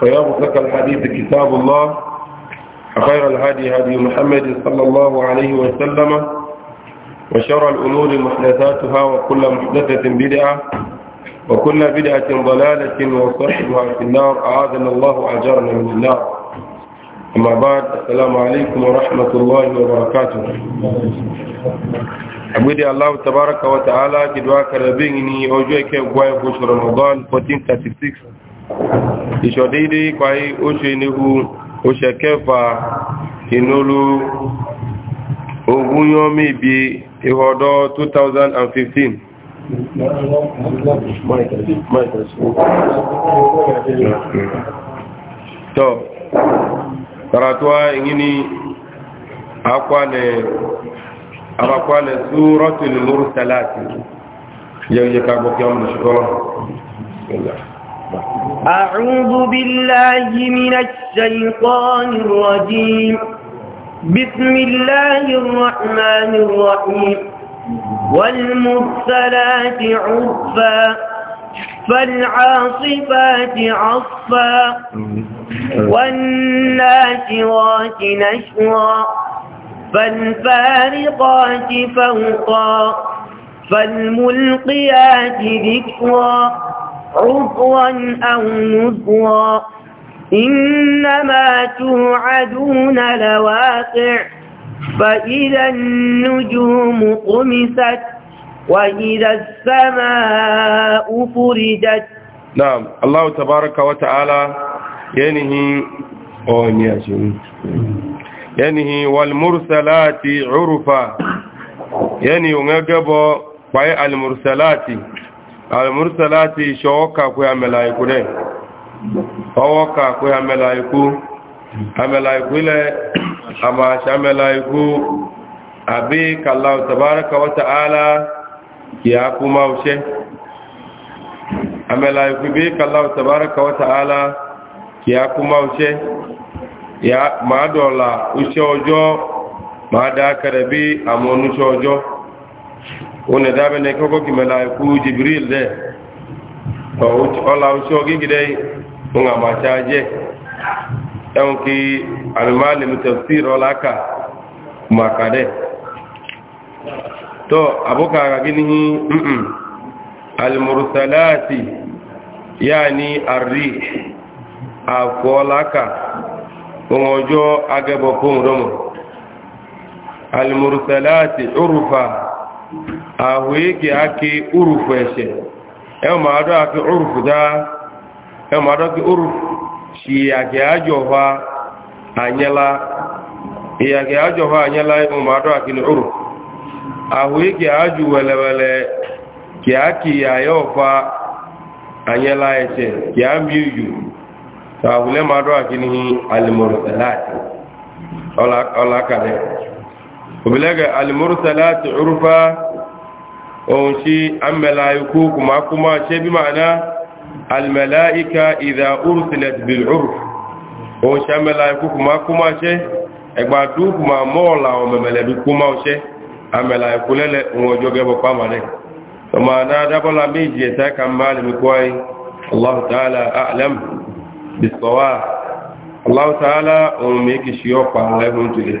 فيابط لك الحديث كتاب الله خير الهادي هادي محمد صلى الله عليه وسلم وشر الأمور محدثاتها وكل محدثة بدعة وكل بدعة ضلالة وصحبها في النار أعاذنا الله أجرنا من النار أما بعد السلام عليكم ورحمة الله وبركاته أبدي الله تبارك وتعالى جدوى كربيني ربيني أوجوك وقوائي رمضان 1436 ìṣọ̀dédé ipaí ó ṣe níhu oṣẹ kẹfà ìnúlú ogun yọ́ mẹ́bí ìhọ̀dọ́ 2015 tọ́ karatuwa ìyíní akwanẹ̀ súrọ́tùlù mọ́rùsálàtì yẹ́ yẹ́ ká gbọ́kẹ́ ọmọ ìṣọ́rọ̀ أكبر أعوذ بالله من الشيطان الرجيم بسم الله الرحمن الرحيم والمرسلات عرفا فالعاصفات عصفا والناشرات نشرا فالفارقات فوقا فالملقيات ذكرا عفوا أو نذرا إنما توعدون لواقع فإذا النجوم طمست وإذا السماء فردت نعم الله تبارك وتعالى ينهي ينهي والمرسلات عرفا ينهي ونقبوا المرسلات almursalati shoka ku amelaiku ne owoka ku amelaiku amelaiku le ama shamelaiku abi kallahu tabaraka wa ta'ala ya kuma ushe amelaiku bi kallahu tabaraka wa ta'ala ya kuma ushe ya ma dola ushe ojo ma da karabi amonu ushe ojo wone dabe ne koko kimela ku jibril de to ola ucho gingi de nga ma chaje yonki almalim tafsir ola ka makade to abuka ga gini mm almursalati yani arri akolaka ngojo agebo kumromo almursalati urfa àwòyéke ake orùfù ẹ̀ṣẹ̀ ẹwọ ma ake orùfù dáa ẹwọ ma dọ́ ke orùfù ṣì àkè àjọ̀fà ànyẹ́lá ìyàkè àjọ̀fà ka ẹwọ ake ní orùfù àwòyéke àjù wẹ̀lẹ̀wẹ̀lẹ̀ kì á kì àyọ̀fà ànyẹ́lá ẹ̀ṣẹ̀ kì á ake ní alìmọ̀rọ̀ ọ̀làkàlẹ̀ obilaga almursalati urfa ohun shi an mala'iku kuma kuma ce bi ma'ana almala'ika idha ursilat bil urf ohun shi an mala'iku kuma kuma ce ẹgbàdú kuma mọ́ọ̀lá ọmọ mẹ̀lẹ̀bí kuma ṣe an mala'iku lẹ́lẹ̀ ohun ọjọ́ gẹ́bọ̀ pàmàrẹ̀ ọmọ náà dábọ́lá méjì ẹ̀ta kan máa lè mẹ́kọ́ ayé ta'ala a'lam bisawa allah ta'ala ohun mẹ́kì ṣe ọ̀pá ẹ̀hún tulẹ̀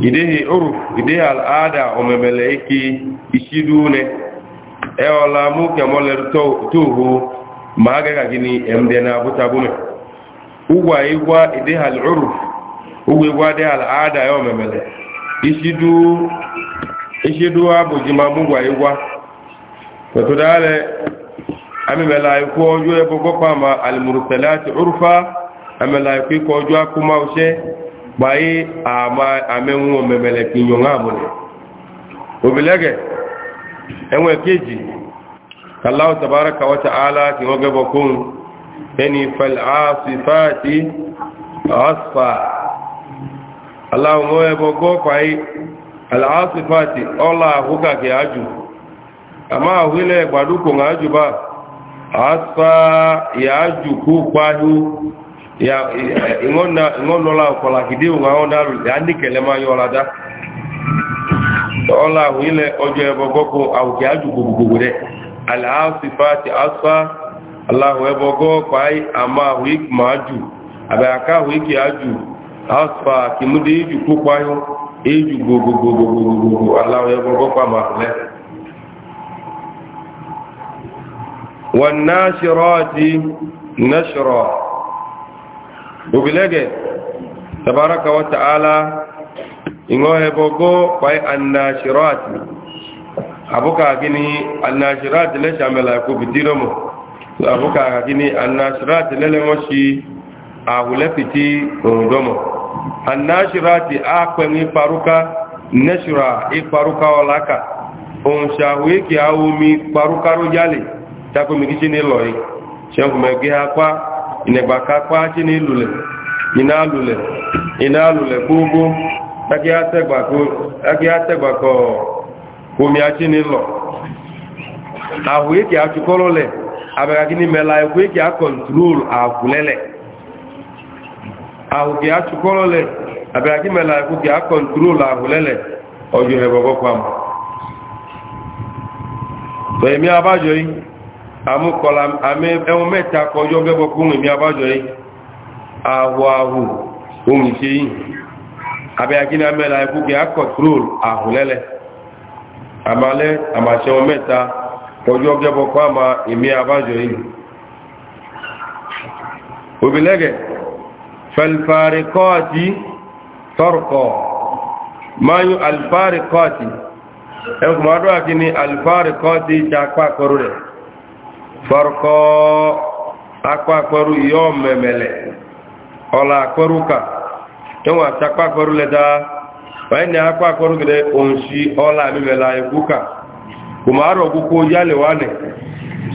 idehi uruf idehi al'ada omemele iki ishidune eola mu kemoler tuhu ma aga gini emde na abuta bume ugwa igwa idehi al'uruf ugwa igwa idehi al'ada ya e omemele ishidu ishidu abuji ma mugwa igwa to dale amemela iku ojo ebogo pama al mursalati urfa amela iku ojo akuma ose gbaye amenwu omemele ka inyo nwa abụrụ obilege enwe keji kallahu tabaraka wa ta'ala ki nwoke bokun eni fal'asifati asfa allahu nwoke boko kwaye al'asifati ọla ahụka ki aju amma ahụile gbaduko na aju ba asfa ya aju kukwahu ya ingonna ingondola kola kidiu nga onda yani kelema yolada ola wile ojo ebogoko au kiaju gugugure al asifati asfa allah ebogo kwai ama wik maju abaka wiki aju asfa kimudi ju kukwayo eju gugugugugugu allah kwa ogilege tabaraka wa ta'ala ingo hebogo pai annashirat abuka gini annashirat le shamela ko bidiromo abuka gini annashirat le le moshi ahule piti ondomo annashirat akweni paruka nashra iparuka olaka on shawe ki paruka loyi shangu inegba ka kpa chi na ilule ina alule ina alule gbogbo agi ategba ka omi achi na ịlọ ahụ ike achụkọrọle abịaga gị n'ime la ekwe ike a kọntrol akwụlele ahụ gị achụkọrọle abịaga gị mela ekwe gị a kọntrol akwụlele ọjọ ebe ọgọkwa m tọ emi abajọ yi amúkọlá ẹwọn mẹ́ta kọjọ́ gẹ́gbọ́ kún èmì abájọ yìí àwọ àwò ohun ìṣe yìí abẹ́ akíní amẹ́la ikú kí a kọ̀trol àhùlẹ́lẹ̀ àmàlẹ́ àmàṣẹwọn mẹ́ta kọjọ́ gẹ́gbọ́ kún àmà èmì abájọ yìí òbílẹ́gẹ̀ fẹ̀lfàríkọ́ọ̀tì tọ́rọ̀kọ̀ mayu alfàríkọ́ọ̀tì ẹkùnmọ́dọ́ akíní alfàríkọ́ọ̀tì jápá kọrù rẹ̀ farko akwa akwaru iyo memele ola akwaru ka enwa takwa akwaru leda wani ne akwa akwaru gide onshi ola memela ekuka kuma aro guko yale wane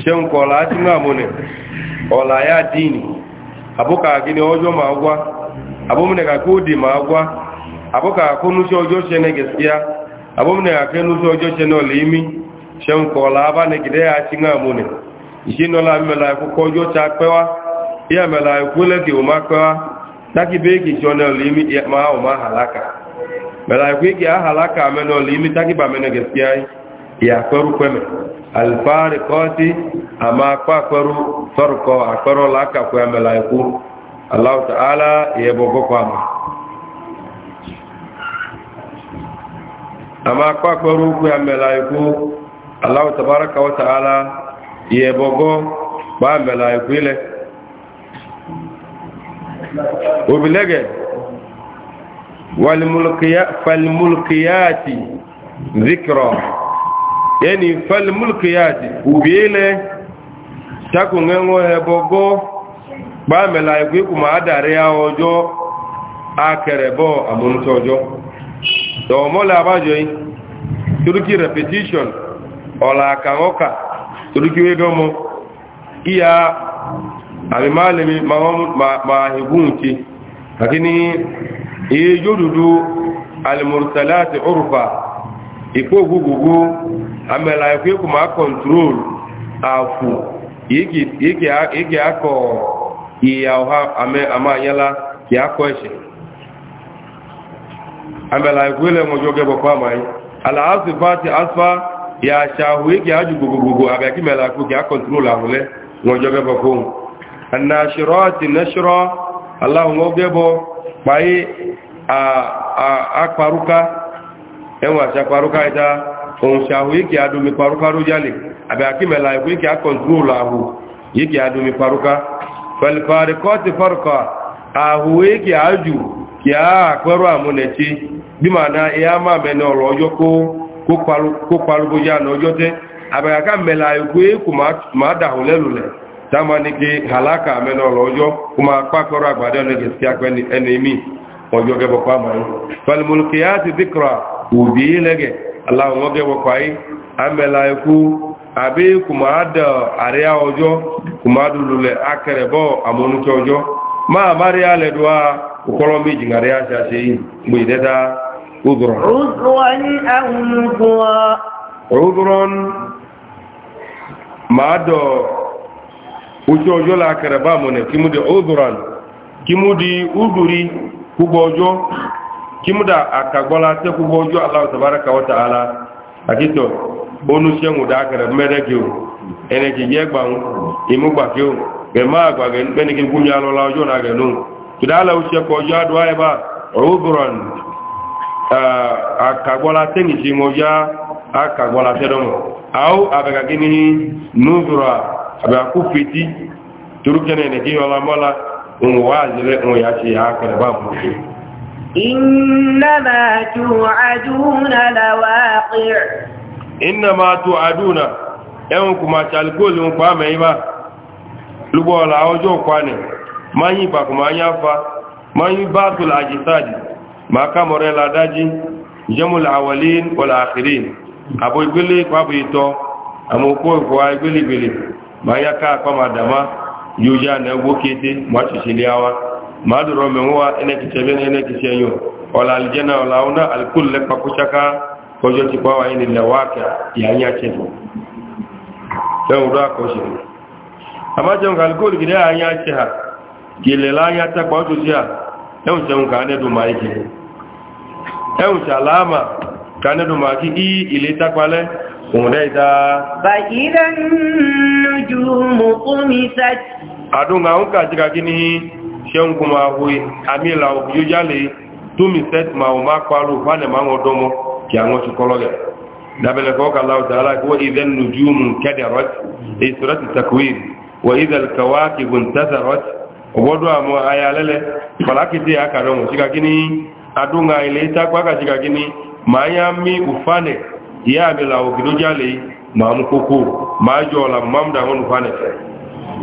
shen kola ati ngamune ola ya dini abuka gini ojo magwa abomune ka kudi magwa abuka kunushi ojo shene gaskiya abomune ka kunushi ojo shene olimi shen kola abane gide ya ci ìṣínọ́lá mẹ́la ẹ̀kọ́kọ́ ọjọ́ ta pẹ́wá ìyà mẹ́la ẹ̀kọ́lẹ́kẹ̀ ọmọ pẹ́wá dákì bẹ́ẹ̀kì ṣọ́nà olèmí máa ọmọ àhàlákà mẹ́la ẹ̀kọ́kẹ́ àhàlákà mẹ́nà olèmí tákìbà mẹ́nà gẹ̀ẹ́sì ìyà pẹ́rú pẹ́mẹ̀ alifáàrí kọ́ọ̀tí àmà apá pẹ́rú tọ́rùkọ àpẹ́rọ lákàkọ́ mẹ́la ẹ̀kọ́ aláwọ̀tàálá ìyẹ̀bọ̀ kọ́kọ́ àmà àmà apá pẹ́rú pẹ́ mẹ́la ẹ̀kọ́ aláwọ̀tàbárakà wọ́tàálá ìyẹ̀bọ̀gọ́ pàágbàlà ìpínlẹ̀ òbílẹ́gẹ̀ falmulkiyati zikiro yẹni falmulkiyati òbílẹ̀ takùnrẹ́wọ́ ẹ̀bọ̀gọ́ pàágbàlà ìpínkùnmọ̀ àdàrí ọjọ́ akẹrẹ̀bọ̀ àmúntọ́jọ́ tọ̀wọ̀mọ́lẹ̀ àbájọ́ yìí turkey repetition ọ̀làkàwọ́kà toríkíwé gan mọ́ kíyà àmì máa lè máa hegún ti àti ní iye yóò dúdú alìmọ̀rùsàlá àti orùfà ìpò gbogbogbò àmẹ́lá ẹ̀kọ́ ikú máa kọ̀ntúrol àfù yíkì akọ̀ ìyà ọha àmáyẹ́lá kì akọ̀ ẹ̀ṣẹ̀ àmẹ́lá ẹ̀kọ́ ilẹ̀ mọ́jọ́ gẹ́bọ̀ pàmáyé alàásìfà àti ya chahu abịa aju gugugugu agaki mela ku ki a control ahule ngojo bebo ko annashirati nashra allah ngoge bo bụ a a akparuka enwa cha paruka ita on chahu igi adu mi paruka ro jale agaki mela ku ki ahụ control ahu igi adu mi paruka fal fariqati farqa ahu aju mana ya e ma kó palubójá na ọjọ́ tẹ́ àbẹ̀kàká mẹ́lá ìgbé kò máa dàhùn lẹ́lùlẹ̀ dáma ní kí halaka mẹ́nà ọlọ́jọ́ kó máa pàkọrọ àgbàdẹ ọlọ́gẹ̀ sí apẹ́ ẹni mí ọjọ́ gẹ́bọ̀ pàmáyé falimolùkì á ti dìkọ̀rọ̀ òbí lẹ́gẹ̀ aláwọn gẹ́bọ̀ pàáyé àmẹ́lá ikú àbí kò máa dà àríyá ọjọ́ kò máa عذرا عذرا نذرا عذرا ما دو ojo ojo la kere ba mo ne kimu de udhuran kimu di udhuri kubo ojo kimu bonu da mere ene imu gba ma gba ge ki na ge nu ko e ba akagbola ah, tẹ́nì ṣe mọ́ yá akagbọ́lá a àwọ́ àbẹ̀gàgí ní núzùrà àbẹ̀kú fìtí torúkẹ́nà ẹ̀nẹ̀kí ọlá òun wá àzẹ́lẹ̀ òun yà ṣe àkẹrẹ bá innama tó àdúnà ẹ̀hùn kùmà ṣàlùkóòlù ń pa mẹ́ lúgbọ́ ọ̀la ọjọ́ kwani máa yí ìpàkùnmá yá fa máa yí bá tó làjẹ́sáàdì ma ká mọ̀rẹ́ ládájí jẹ́mùlà àwọlín wọlà àkìrí àbò ìgbélé pàbò ìtọ́ àmọ́ òkú ìfọwà ìgbélé ìgbélé ma yá ká àpamà dàmá yóò yá nà ẹgbó kété ma ṣiṣẹ́ lé wa ma dọ̀rọ̀ mẹ́wọ́wà ẹnẹ́kìṣẹ́ bẹ́ẹ̀ ẹnẹ́kìṣẹ́ yọ ọ̀là àlìjẹ́nà ọ̀là ọ̀nà àlùkùn lẹ́pà kúṣáká kọjọ́ ti pàwà yìí nílẹ̀ wákà ìyáyá ṣẹ̀fọ̀ fẹ́hùn rọ́ àkọṣe àmájẹun kàlùkùn gìdẹ́ àyá ṣẹ̀ hà ẹ̀hùn ṣẹun kà nẹ́dùn máa ìkẹ̀ẹ́ ẹ̀hùn ṣàlámà kanẹ́dùn máa kí í ilé tápalẹ́ òun dẹ́ ìdá bàídá nínú mú omi sáàtì àdúnga ń kàjíkà kí ní ṣeun kò máa hu àmìlà òkúyó jálè tómi sẹ́tì máa wọ́n máa pàálù fánẹ̀ máa wọ́n dọ́mọ́ kí àwọn ṣe kọ́lọ́gẹ̀ dábẹ̀lẹ̀ kọ́kà láwùjá aláìkọ́ ìdẹ́ nínú adunga ile ta kwa katika gini mayami ufane ya bila ukiduja le ma mkuku majo la mamda hon ufane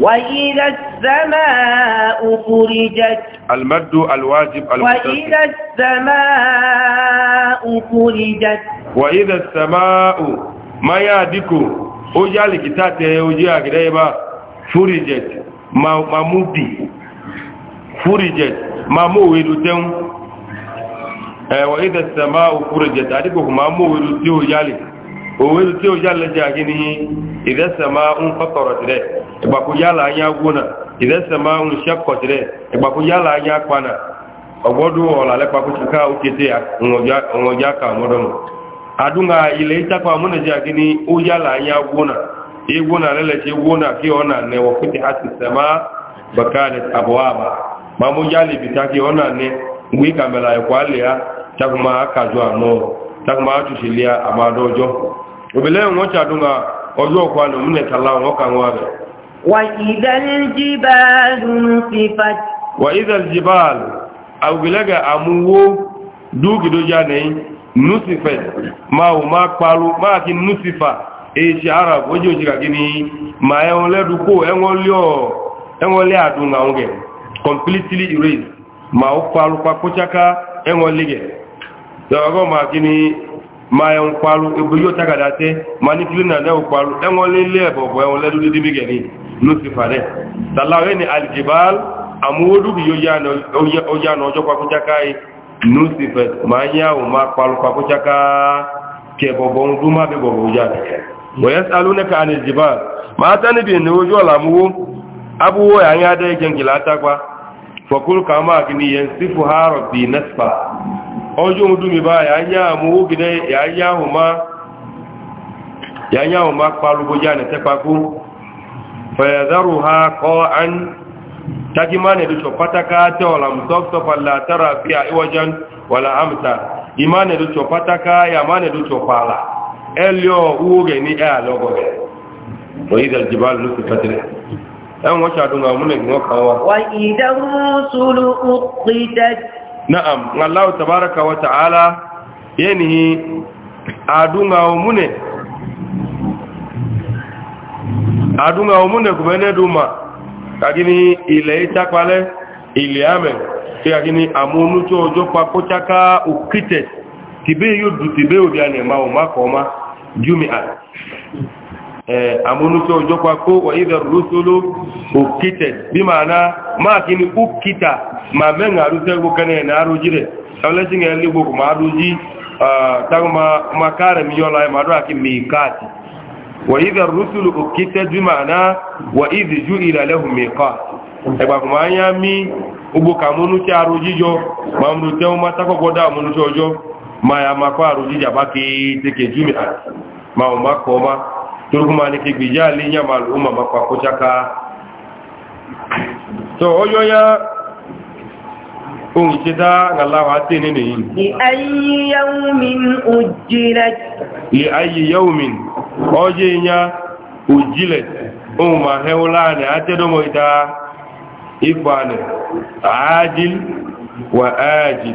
وإذا السماء فرجت المد الواجب المتصل وإذا السماء فرجت وإذا السماء ما يادكو أجالي كتاتي أجيها كدايبا فرجت ما مودي فرجت ما مو ويدو تيم Eh, wa idha as-samaa'u furijat adibu kuma mu wiru ti o yale o wiru ti o yale ja gini idha as-samaa'u fatarat de igba ko yala anya guna idha as-samaa'u shaqqat de igba ko yala anya pana ogbodu ola le pa ko chika o kete ya ngoja ngoja ka modon adunga ile ita pa mu na mamu yale bitaki ona ne ngwi kamela ya ya takuma akadu ano takuma atushilia amado ojo obele won chadunga ojo kwa no mune kala won kan wa be wa idhal jibal nusifat wa idhal jibal aw bilaga amuwo dugi do jane nusifat ma o ma palu ma ki nusifa e si arab ojo jira gini ma e won le ko e won le o e won le adunga won ge completely erased ma o palu pa kochaka e won le dọ̀rọ̀ ma kí ni ma ẹ̀ ń parú yóò ma ní kílínà náà ń parú ẹ̀wọ̀n lélẹ̀ ẹ̀bọ̀bọ̀ ẹ̀wọ̀n lẹ́dún dídí bí gẹ̀ẹ́ni lucifer rẹ̀ tàláwẹ́ ni aljibal àmúwódú bí yóò yá na lucifer ma ń yá o ma parú pakújáká kẹ ń dún má ní aljibal ma tá níbi ní ojú ọ̀là amúwó abúwó kì yẹn sífù nẹ́sìpà ọjọ́ ohun dúnmi bá yàáyá àmúwó gidẹ yàáyá ohun má palugbójá nẹ̀ tẹ́pàkú fẹ̀yẹ̀dárò ha kọ́ an tàbí má nẹ̀ lùsọ̀ pátákà tẹ́ ọ̀làmùsọ́fọ́fà ẹlẹ́ọ̀ owó rẹ̀ ní ẹ́ àlọ́gọ̀ rẹ̀ wọ́n yíza jìbá ló ti fẹ́tẹ̀lẹ̀ ẹ̀wọ̀n na'am Allah tabaraka wa ta'ala yeni adunga omune adunga omune kubene duma kagini ile itapale ile ame kagini amunu to ojo papo chaka ukite tibe yodu tibe odia ne ma o ma ko ma jumi'a amúnútó òjọ́pá kó wà ìdẹ̀ rúsóló òkítẹ̀ bí máa náà máa kí ni ó kítà ma mẹ́rin àrúsẹ́ gbókẹ́nẹ̀ ẹ̀nà àrójí rẹ̀ ẹlẹ́sìn ẹlẹ́gbòkù máa ma káàrẹ̀ mi yọ́la ẹ̀ màdúrà kí mi káàtì wà ìdẹ̀ rúsóló òkítẹ̀ bí máa náà wà ìdẹ̀ jú ìlàlẹ́hùn mi kọ́ ẹgbàkùn máa ń yá mí gbogbo àmúnútó àrójí jọ máa mú tẹ́wọ́n má tákọ̀gbọ́dá àmúnútó ọjọ́ máa yà máa kọ́ torukuma ni kegbe ya ma lo ma makwa kochaka to oyo ya ohun cheta da ngalawa ate ni ni li ayi yawmin ohun ma heula ni ate do mo ida ibane ajil wa ajil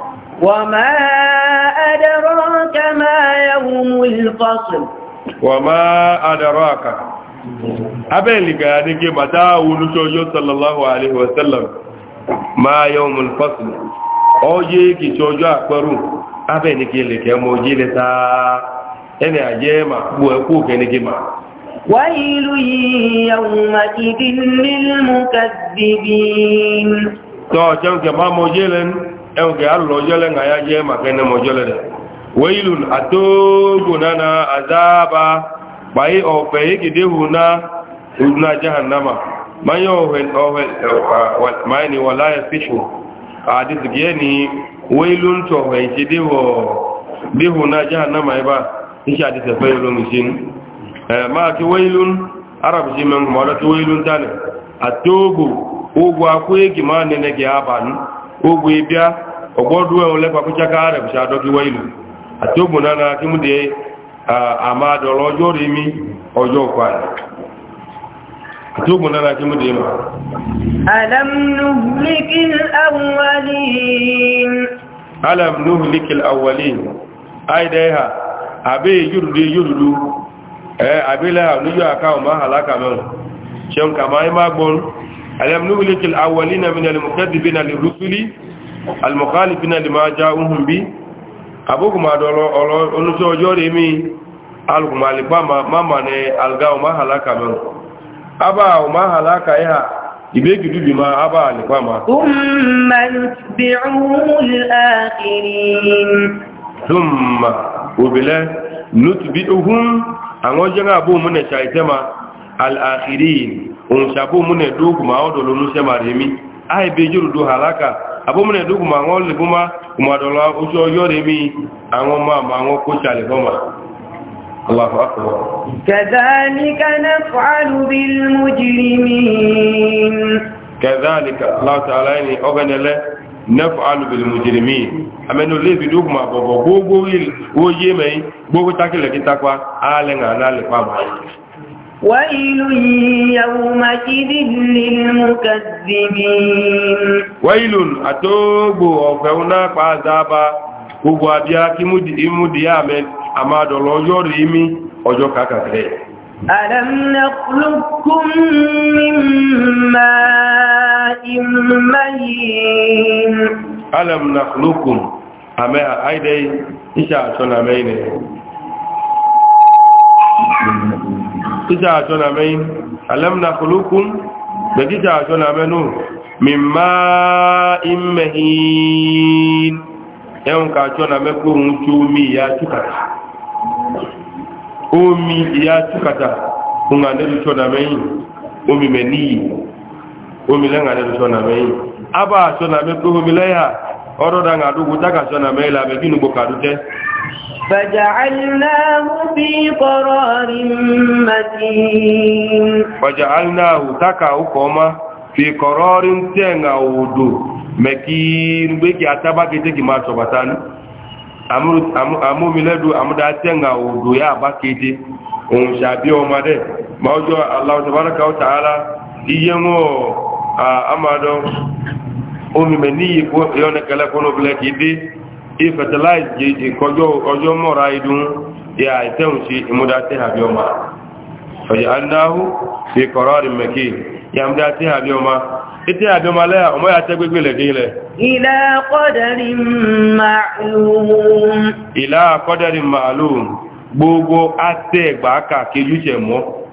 وما أدراك ما يوم الفصل وما أدراك أبلغ أنك متى ونشوج صلى الله عليه وسلم ما يوم الفصل أوجي كي جو أكبرون أبلغ لك موجي لتا إني أجيما بوكوك نجيما ويل يومئذ للمكذبين تو جنك ما موجي لن ẹwùkẹ́ alọ́jọ́lẹ̀ ńgá yá jẹ́ màkẹ́nẹ́mọ́jọ́lẹ̀ rẹ̀ wẹ́ìlùn àtógùnánà àzáàbá báyé ọ̀fẹ́ ìgidéhùná ìrùnà jahannama mayọ́ ọ̀hẹ́ ni wà láyé fíṣù àdìsìgẹ́ ni wẹ́ìlùn tọ̀hẹ́ ìṣẹ́déhùná jahannama ẹbá iṣẹ́ àdìsẹ̀fẹ́ ìlú ogwe bịa ọgbọdue ole gbakwụcha ka a repụcha adọgiwa ilu atogona na akimde ama adọrọ ọjọ rimi ọjọọ kwalị atogona na akimde ma alam nuhlikil awwalin alam nuhlikil awwalin aida ha abe yurudu yurudu eh abila ha nuyo aka ma halaka men shem kama ima gbon ألم نهلك الأولين من المكذبين للرسل المخالفين لما جاءوهم به أبوك ما دولو أنسو جوري مي ألوك ما لبما ما ماني ألغاو ما هلاكا من أبا وما هلاكا إيها ìbéèkì dúbì máa ábà nípa máa. Súnmà nùtìbìrún àkìrín. Súnmà òbílẹ̀ nùtìbìrún àwọn jẹ́ àbò múnẹ̀ṣà ìtẹ́ma ohun mune múnẹ̀ dógùn máa ọ̀dọ̀ lónú ṣẹ́ máa rèémí àìbẹ̀ yóò Mune àlákà àbó múnẹ̀ dógùn máa wọ́n lè fúnmá kùmàdọ̀lá oṣù ọyọ́ rèémí àwọn máa ma wọ́n kó ṣàlẹ̀ fọ́mà Allahu akbar. Kazalika naf'alu bil mujrimin. Kazalika Allah ta'ala ni oganele naf'alu bil mujrimin. Amenu le dogma bobo gogo wil wo yeme gogo takile kitakwa ale ngana le ويل يومئذ للمكذبين ويل أتوب وفونا فعذابا gbogbo abia kí mú di àmẹ́ àmàdọ̀lọ́ yọ́ rí mi ọjọ́ kàkàkẹ́ أَلَمْ نَخْلُقكُّم مِّن مَّاءٍ مَّهِينٍ أَلَمْ نَخْلُقكُّم àmẹ́ àìdẹ́ iṣẹ́ àṣọ́nà mẹ́rin kíjà àjọ nà mẹ́yìn alẹ́mùnà kòlókún gbẹ̀gíjà àjọ nà mẹ́nu mímá ìmẹ̀hìn ẹ̀hùn ká àjọ nà mẹ́kó ohun tí omi ìyá túkàtà omi ìyá túkàtà ohun àdẹ́lùsọ nà mẹ́yìn omi mẹ́ níyì omi lẹ́hìn àdẹ́lùsọ nà mẹ́yìn abá àjọ nà mẹ́kó omi ọdọ́dá ń àdúgbò tákàṣọ́ nà mẹ́lá bẹ̀ kí ní gbogbo àdújẹ́ fàjàálìnáhù tákà ọkọ̀ ọmá fi kọ̀rọ̀ rí ń tẹ́ǹgà òdò mẹ́kí rúgbé kí atábákẹ́tẹ́ kì máa ṣọ̀bàtá ní amúmilẹ́dù àmúdá tẹ́ǹgà òdò yá àbákẹ́tẹ́ iye wọn àmàdọ́ omi mẹ ní yìí kó yọ́nẹ́kẹ́lẹ́ kó ló bilẹ̀ kìí dé yìí idun yà àìtẹ́hùn sí ìmúdá tí àbí ọmọ ọ̀yà andáhù fi kọ̀rọ̀ rí mẹ́kì yà àbí ọmọ títí àbí ọmọ lẹ́yà ọmọ yà tẹ́ gbégbé lẹ̀ délẹ̀. ìlà kọ́dẹ̀rì màálùm. ìlà kọ́dẹ̀rì màálùm gbogbo àtẹ̀gbà mọ́.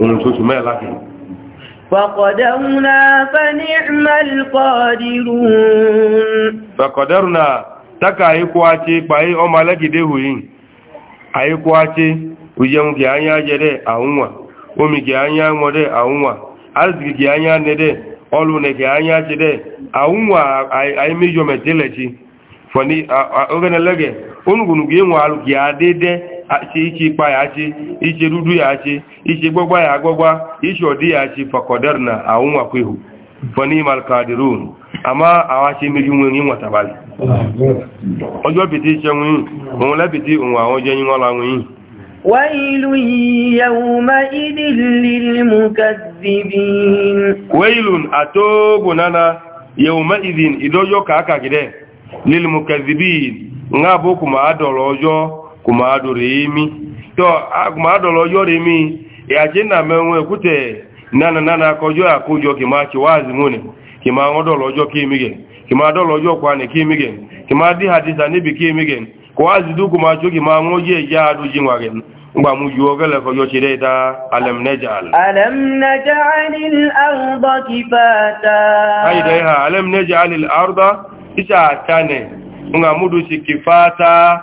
ohun tó súnmọ́ ẹ̀ láti. fàkọ̀dẹ́rùnà faníhìmẹ́lìkọ́dìrún. fàkọ̀dẹ́rùnà taka àyíkọ́wáṣe pàáyé ọmọ alẹ́gidẹ́ hùyìn àyíkọ́wáṣe òjẹun kì a jẹ́dẹ́ àwúnwà omi kì ányá iche iche ikpa ya achị iche rudu ya achị iche gbogba ya agbogba iche ọdị ya achị fakọdar na awụnwakwehu fọnimal kadirun ama awachi mmiri nwe nwe nwatabalị ọjọ biti iche nwe onwela biti onwe ahụ ọjọ nyinwe ọla nwe ihi ويل يومئذ للمكذبين ويل أتوبنا يومئذ إذا يوكا كده للمكذبين ngabo kuma adoro ọjọọ. kumado reimi to kumado lo yo reimi ya jina menwe kute nana nana kojo akojo kima wazi mune kimangodo lojo kimige kimado lojo kwane kimige kimadi hadisa nibi kimige kwazi du kumacho kimangoje jadu jingwage ngba mu kifata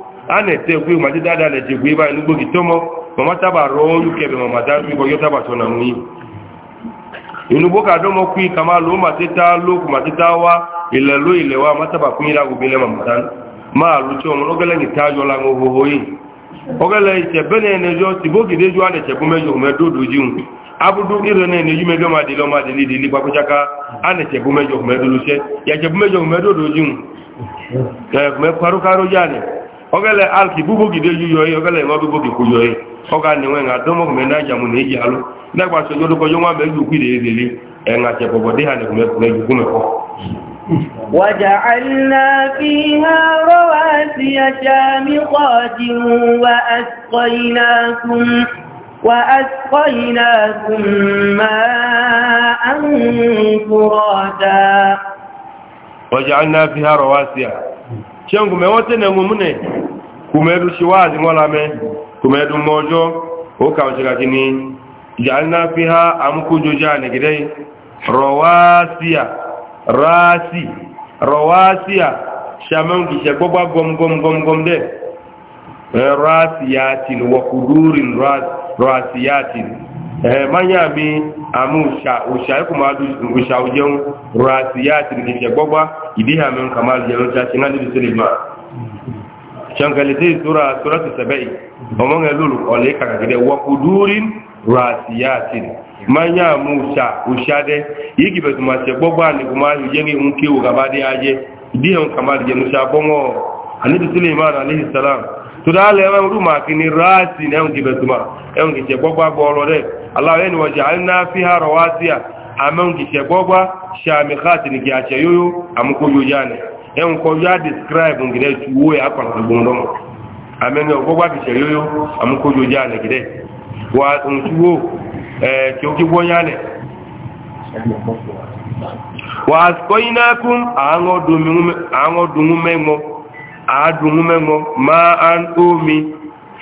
a na-ete egwe ma dị dada na-eji egwe ebe anyị n'ugbo gị tomo mama taba rụọ ọrụ kebe mama da igbo gị taba so na nwunye inugbo ka adọmọ kwi ka ma lụọ ma teta lokwu ma teta wa ilelo ilewa ma taba kwunyere agwụgbele mama da ma alụcha ọmụ n'ogele gị taa jụọla ṅụ ohoho yi ogele ichebe na-enejọ tibo gide jụọ na-echekwu mejọ medo dojiwu abudu ire na ne yume gama dilo ma ane che bume jo medo ya che bume jo medo dojun eh me paru karo jane ogele alki bubogide yuyo yi ogele ngo bibogi kuyo yoyi oga ni wenga domo kumenda jamu ni yalu na gba so yodo ko yo wa be yu kwire ezeli e nga che bobo de hane kume kume yu kume ko وجعلنا فيها رواسي شامخات وأسقيناكم وأسقيناكم ماء chengu mewote ne mumune kumedu shiwazi ngolame kumedu mojo ukawchika kini jalna fiha amkuju jani gidei rawasiya rasi rawasiya shamengu kisha gogwa gom gom gom gom de eh, rasiyatin wa kudurin rasiyatin Eh, manya mi amu usha usha yuko madu usha ujeun rasiyat ni gbogba idi ha men kamal jelo ta sina ni sulima changalite sura suratu sabai omonga lulu ole kaka gide wa kudurin rasiyat manya mu usha usha de yigi betu ma se gbogba ni kuma yenge unke wo gabade aje idi ha kamal jelo sha bongo ani sulaiman alayhi salam tudale wa ruma kini rasi ne ungi betuma e ungi che gbogba gbo lo de Allah yẹni wọ̀jẹ̀ alina fi ha rọwá sí à àmẹ́hùn kìí ṣẹgbọ́gbá ṣàmìkáàtì ní kìí àṣẹ yóò àmúkó yóò yá kọ yóò describe ngìdẹ̀ tuwó ẹ̀ akọ̀nàgbọ̀ndọ́ àmẹ́hùn ọgbọ́gbá kìí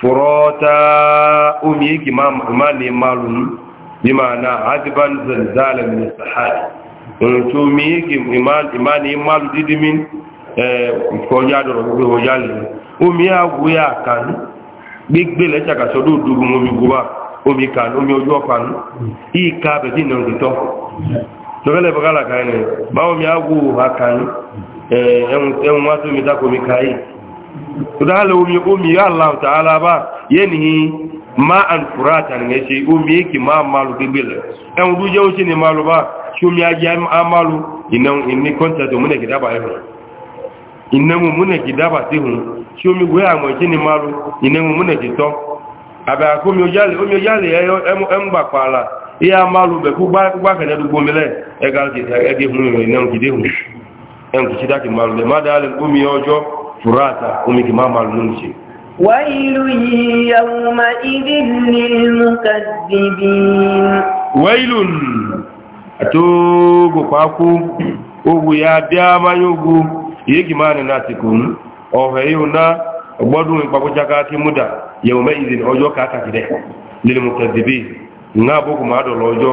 furota umi yake mani malum bi ma'ana adiban zalzala min sahari to mi yake imani malu didimin ko ya doro ko le Omi awu ya kan gbegbe le chaka so do dugu omi kan omi oju opan i ka be din kan omi awu mi udala omi omi ya allah ta'ala ba yenihi ma an furata ne shi omi yake ma malu bibile en du je shi ni malu ba shumi aji amalu inan inni konta to mune kidaba ehu inan mune kidaba ti hun shumi we amo chi ni malu inan mune kito aba ko mi ojale iya malu be ku du e ga ti e ge hun inan kide hun en ku ma furata omi kì máa máa lónìí ṣe. wailu yawma idin lil mukazzibin. wailu àtògò pákó ogun ya bí a máa yóò gu yìí kì máa nínú àsìkò ń ọ̀hẹ́ yóò ná ọgbọ́dún ìpapòjáká kí múdà yawma idin ọjọ́ kàkàkìdẹ̀ lil mukazzibin ńlá àbókù máa dọ̀lọ́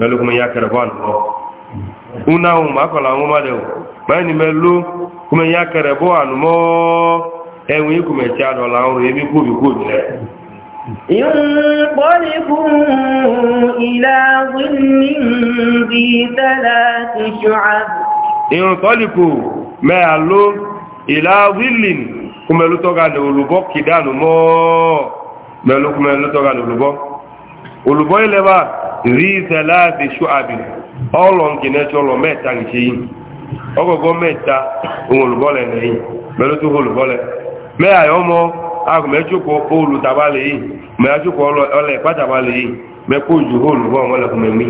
mẹ́lú kúmọ̀ ya kẹrẹ̀ bọ́ àlọ́ una ohun makọ̀lá àwọn ọmọdé o máa ní mẹ́lú kúmọ̀ ya kẹrẹ̀ bọ́ àlùmọ́ ẹ̀wọ̀n ikú mẹ́tí àdọ̀lá ọrùn ebi kóbi kóbi rẹ̀ ينطلقوا إلى ظل ذي ثلاث شعب ينطلقوا ما يعلو إلى ظل كما لتغى لولوبو كدان مو olùbọ́ ilẹ̀ bá rí ìṣẹ̀lá àti ṣúàbì ọlọ́nkìnẹ́ṣẹ́ ọlọ mẹ́ta ní ṣe yìí ọgọ́gọ́ mẹ́ta ohun olùbọ́lẹ̀ lẹ́yìn pẹ̀lú tó olùbọ́lẹ̀ mẹ́àyọ́ ọmọ agùnmẹ́jọ́kọ̀ olùtàbálẹ̀ yìí mẹ́àjọ́kọ̀ ọlẹ̀ ìpátàbálẹ̀ yìí mẹ́kó ju olùbọ́ ọmọ lẹ́kùnmẹ́mí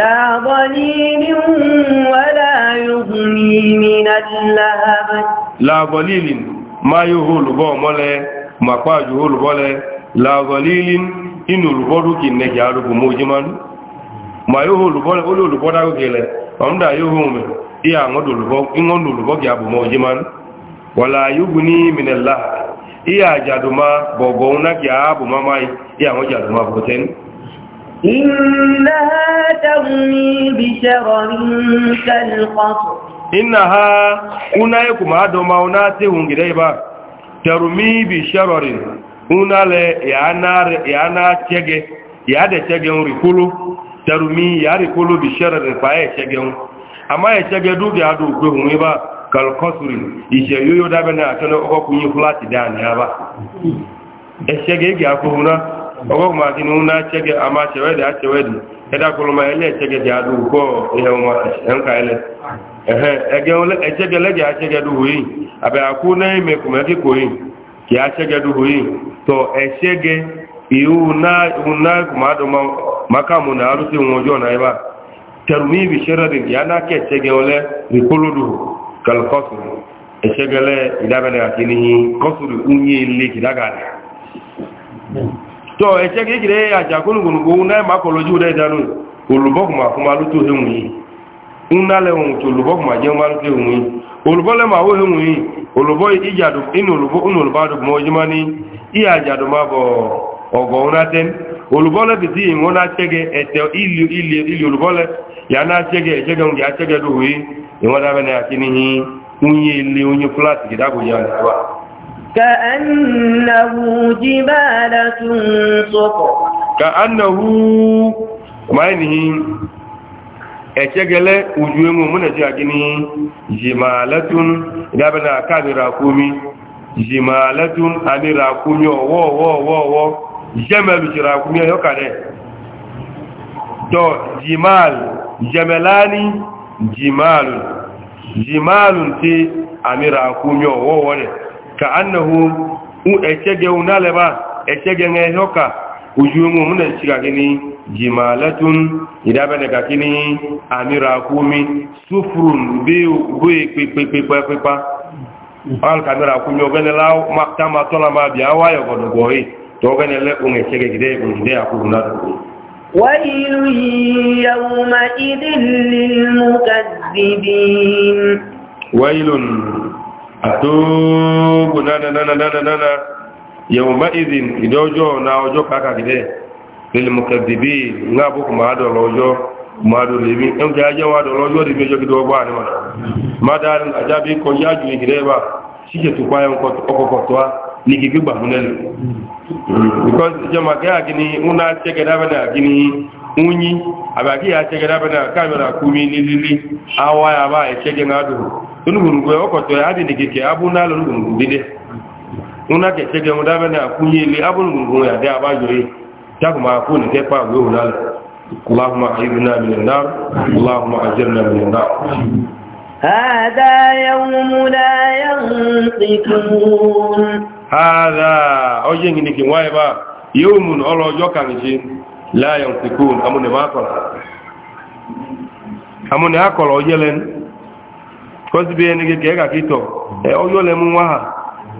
لا ضليل ولا يغني من اللهب لا ضليل inu olùbọ́dún kì í nẹ̀kì arúgbó ma yóò olùbọ́dá gòkè lẹ̀ ọ̀mdà yóò hùn mi ìyá àwọn olùbọ́gì àbò mojú máa ń wàlá yóò ní mìnàlá ìyá àjàdùmá bọ̀gọ̀ náà kì í ààbò máa ìyá àwọn àjàdùmá ma tẹ́ni. unale ya na chege ya da chege un rikulu tarumi ya rikulu bi sharar fa ya chege un amma ya e chege du bi adu ko hun ba kal qasri ise yoyo da bana atana ko kunyi flat dan ya ba e chege huna ma kinu chege ama chewe da chewe ko ma ele chege ko ma en ka ele ehe ege kì á ṣẹ́gẹ́ dúró yìí tọ́ na ìhùnáàkùnmádọ́mákàmù náà rú sí wọn ọjọ́ náà ibá tẹ̀rùmí ibi ṣẹ́rẹ̀dì yà náà kẹ́ ẹ̀ṣẹ́gẹ́ ọlẹ́ rìkólódò kẹlùkọ́sù ẹ̀ṣẹ́gẹ́lẹ́ ìdábẹ̀rẹ̀ àti ní kọ́sùrù kúnyé ilé kìdágàrẹ̀ tọ́ ẹ̀ṣẹ́gẹ́ kìdẹ́ àjàkólùgbòǹgbò náà má kọlọ́jú rẹ̀ dánú olùbọ́kùnmá fún malútó olubo ma wo e mu olubo ijadu inu olubo inu olubo ma bo ogo una ten olubo le bi ti won na chege ili ili ili ya na chege chege un ya chege echegele uju enwe omenaji ya gịnị gaba na aka nịrị rakumi jimaletun anịrị akwụmi ọwọ owo owo owo jemelu jiri akwụmi ya kare to jimal jemelani jimalun jimalun ti amịrị rakumi owo owo ne ka annahu u echege unaleba echege nwe ihe ka uju enwe omenaji ya gịnị jimalatun idabene kakini amira kumi sufrun bi bi pepepepepa al kamera kumi ogene law maktama tola ma bi awayo godo goyi to ogene le unge chege gide unde akuruna ويل يومئذ للمكذبين ويل أتوب نانا نانا نانا نانا يومئذ إدوجو ناوجو كاكا كده للمكذبين نابوك ما هذا الوجو ما هذا اليمين أنت أجا هذا الوجو اللي بيجوا كده وبعد ما ما دار أجا بيكون يجوا يجربا شيء تقوى يوم كت أو كتوا نيجي because unyi abaki ya kamera awa ya ba ngadu ya abuna una ke na kunyi li ya de تاكو ما أكون كيبا ويونا اللهم أعيذنا من النار اللهم أجرنا من النار هذا يوم لا ينطقون هذا أجن إنك وايبا يوم أولو جوكا لا ينطقون أمون ما أكل أمون أكل أجلن كوزبي إنك كيكا كيتو أجلن مواها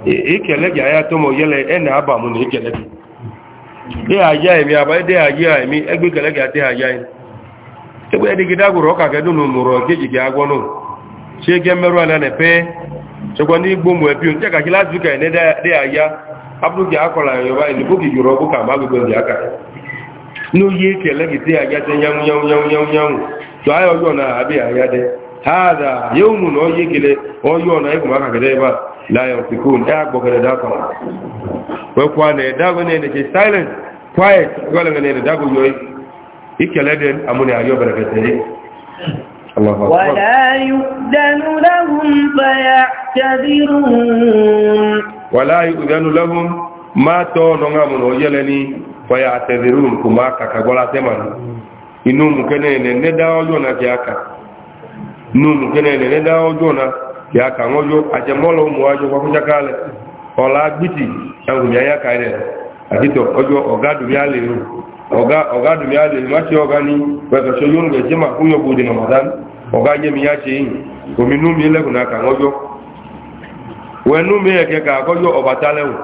ikele gị aya tụmụ yele ena aba mụ na ikele gị dé àjá ẹ̀mí àbáyé dé àjá ẹ̀mí ẹgbẹ́ kẹlẹ́kẹ́ àti àjá ẹ̀ ẹgbẹ́ ẹdígidágùrọ̀ ọkàkẹ́dùn mọ̀rọ̀ kéjìkẹ́ agbọ́nù ṣe gẹ́ mẹ́rọ alẹ́ pẹ́ ṣọgbọ́n ní gbóòmù ẹ̀bí o jẹ́kàkí láti fi kàìní dé àjá abúlókè akọ̀lá yorùbá ìlúkókè yorùbá bókà má la yautikun ya gbogbo da kama wai kuwa na dago ne da ke silent quiet ne da dago yoyi ikele da amuni a yau barkatai ولا ma لهم فيعتذرون ولا يؤذن لهم ما تونغا من وجلني kaka كما Inu Inu kí a kà ń ọjọ́ àjẹmọ́lọ mú ọjọ́ wákúnjákálẹ̀ ọ̀la gbìtì ya ayáka ka àtìtọ̀ ọjọ́ ọ̀gádùmí àlèrò ọ̀gádùmí àlèrò má ṣe ọ̀gá ní pẹ̀tọ̀ṣọ́ yóò rẹ̀ jẹ́ máa fún yọ̀gbọ̀dì ramadan ọ̀gá yé mi yá ṣe yìn omi nú mi lẹ́gùn àkà ń ọjọ́ wẹ̀nú mi ẹ̀kẹ́ kà àkọ́jọ́ ọ̀bàtà lẹ́wùn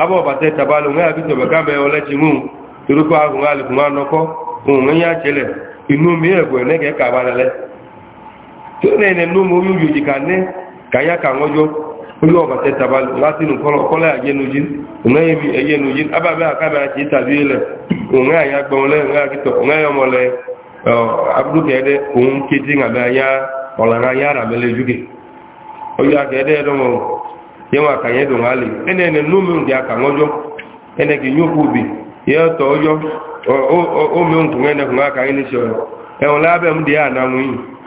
abọ́ ọ̀bàtà tabalẹ̀ òun àbí kanya ka ŋojo kuyo ba te tabal lati nu kolo kolo ya jin na ka ba ti tabi le nga ya gbon le nga ki to nga yo mo le abdu kede un kiti nga ba ya ola ya ra mele juge ya do mo ye wa do nga le ene ne nu mi ene ki bi ye to ojo o o o mi ku ngene ku nga ka ni so e o na mu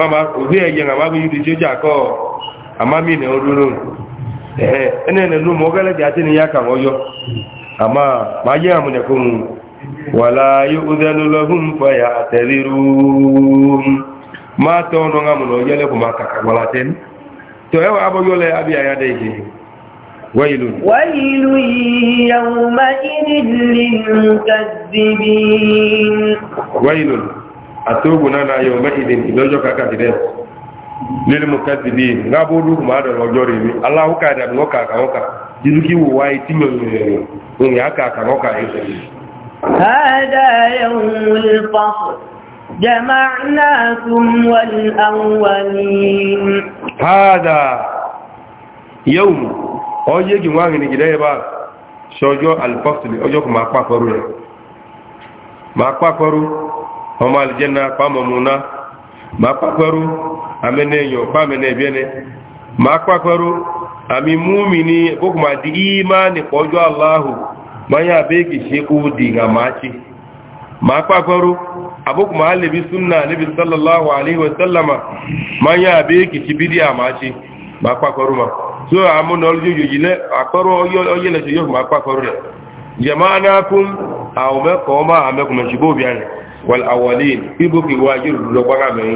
mama òbí ẹ̀yẹ àmà bí yìí tí ó jà kọ́ àmà mí nà ọdún ẹ̀ẹ́nà ẹ̀lú mọ́ gẹ́lẹ́dẹ̀ àti ní yáka wọ́n yọ àmà má yẹ́ àmúnẹ̀kún wà láyé òzẹ́nu ma fàyà àtẹ̀lérú má tọ́ ọ̀nà àmúnà ọ̀yẹ́lẹ́kùn má ويل ويل يومئذ للمكذبين ويل atobu nana yawma idin ilojo kaka a lil mukazzibin ngaburu ma da lojo ribi allah ka da ngo ka ka ka jiduki wa itinyo ngi aka ka ka ka hada yawmul fakhr jama'nakum wal awwalin hada yawm oje gi wa ngi gide ba sojo al fakhr ojo ko ma pa koru ma pa ọmọ alìjẹ́nà pàmọ̀múná ma pàpẹ́rú ma pàpẹ́rú àmì múmi ní di ìmá nìpọ̀jọ́ ma yá bẹ́ẹ̀kì di nga ma pàpẹ́rú àbókò máa lè bí sallallahu alaihi wasallama ma yá bẹ́ẹ̀kì ṣe bídí àmá ṣe ma pàpẹ́rú ma so ma wal awwalin ibo ki wajir do baga me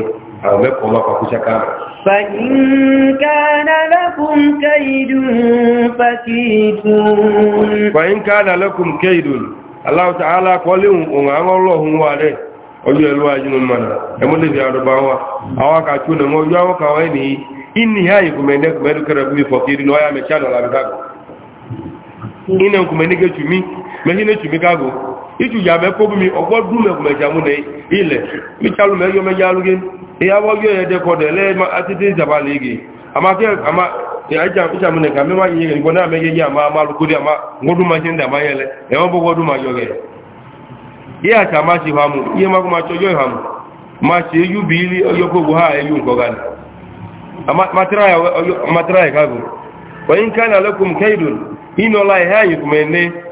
aw me ko ma ko chaka fa in kana lakum kaydun fakidun fa in kana lakum kaydun allah ta'ala qawlun ungallahu wa de oju elu ajinu mana e mo le bi ado awa ka chu ne mo ju awa ka wa ni inni hayi kumende kumedu karabu ichu ji me ko mi ogbo du me ko me ne ile mi chalu me yo me jalu gen e ya wo yo e de ko ama ama e ne ka me ma na me ye ya ma ma ama ngodu ma shin da ma yele e wo bo du acha ma ma bi ili yo ha e yu ko gan ya matira ya ka go wa in kana lakum kaidun ya yi kuma ne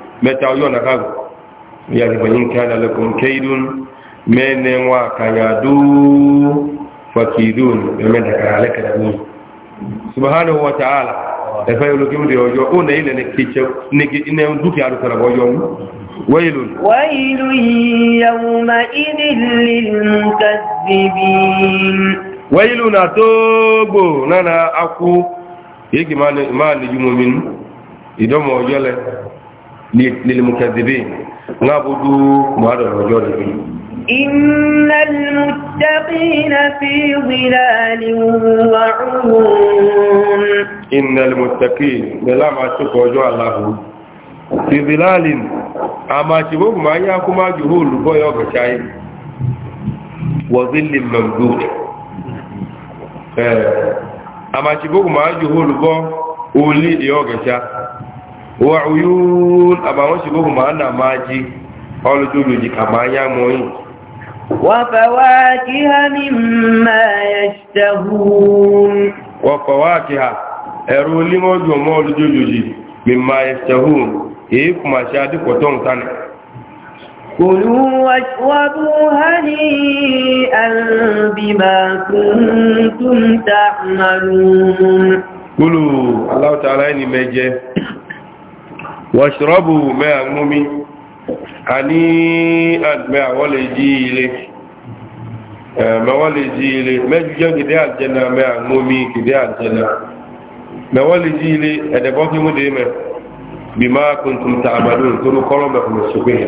mẹ́ta ọjọ́ nàkàgù ya ni bayin kana lakum kaidun mene wa kayadu fakidun mẹ́ta kara lẹ́kẹ̀ dàbí subhanahu wa ta'ala ẹ̀fẹ́ olókèmù dẹ̀ ọjọ́ ó nà ilẹ̀ ní dúkìá lùkọ̀rọ̀ ọjọ́ mú wẹ́ìlú wẹ́ìlú yawma idin lilmukazzibin wẹ́ìlú na tó gbò nánà akú yìí kì máa ní yúmọ́mí ìdọ́mọ̀ ọjọ́ lẹ́kọ̀ọ́ للمكذبين نعبدوا مهذا الرجال إن المتقين في ظلال وعون. إن المتقين لا ما تكوجوا الله في ظلال أما تبوك ما ما جهول بيوك شاي وظل ممدود أما تبوك ما جهول بيوك أولي يوك wa uyun abawon shigo ma ana maji ọlọ jolo ji kama ya moyi wa fawakiha wa ẹ̀rù limo jo mo ma jolo ji mimma yashtahun èyí kuma ṣe adìpọ̀tọ̀ nǹkan ni kulu wàṣwàbù hàní àbìmà kuntum kulu wàṣírọ́bù mẹ́à múmi a ní àgbẹ́ àwọ́lẹ̀ jí ilé mẹ́wọ́lẹ̀ jí ilé mẹ́jú jẹ́ kìdẹ́ àjẹ́nà mẹ́à múmi kìdẹ́ àjẹ́nà mẹ́wọ́lẹ̀ jí ilé ẹ̀dẹ̀bọ́ kí mú dé mẹ́ bí máa kún tún ta àbàdó nítorí kọ́lọ́ mẹ́kùnrin ṣùgbẹ́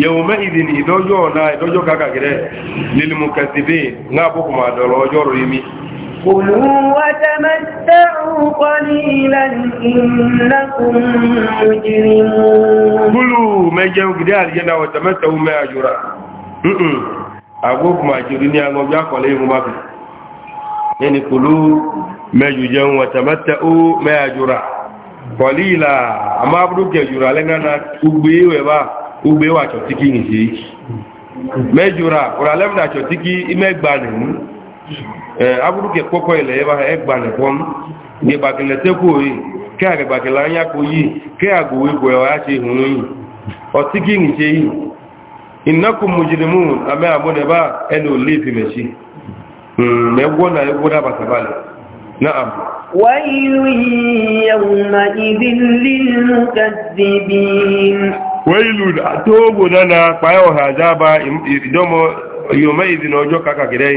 yẹ̀wòmẹ́ ìdìní ìdọ́jọ́ ọ̀nà ìdọ́jọ́ kàkàkìrẹ́ lílùmù kẹsìdé ní àbúkù máa dọ̀rọ̀ ọjọ́ rẹ̀ mi. Kúlù mẹ́jẹ́ ògidẹ́ àríyẹ́dá wọ̀tẹ̀mẹ́tẹ̀wó mẹ́ àjúra. Àgbókù máa jùrí ní agbọ́gbá kọ̀lẹ́ ìmú bá fi. Ẹni kúlù mẹ́jù jẹun wọ̀tẹ̀mẹ́tẹ̀wó ugbe wa chọtiki nke iki mejura ụra lem na chọtiki ime gbani e, abụrụ ka ekpokọ ile ebe ha egbani kwọm gị gbakele tekwu oyi ke a gbagbakele anya ka oyi ke a gụwa igwe ọha chi hụ oyi ọtiki nke iyi innakum mujrimun ame amu ne ba ole olifi mechi hmm, me gwo na egwo da batabale na'am wailu yawma idhil lil mukaththibin wailun ató ogbòdá na pàá ọ̀hà jábá ìdọ́mọ yọmọ ìdìnà ọjọ́ kàkàkìrẹ́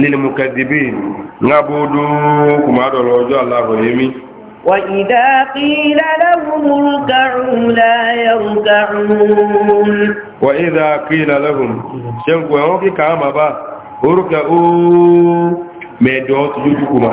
lílmùkàdìbì ńlábòdó kùmádọ̀lọ̀ ọjọ́ aláhọ̀yẹmí وَإِذَا قِيلَ لَهُمُ ارْكَعُوا لَا يَرْكَعُونَ وَإِذَا قِيلَ ka شَنْكُوا يَوْكِ كَامَبَا ارْكَعُوا مَدَوْتُ جُجُكُمَا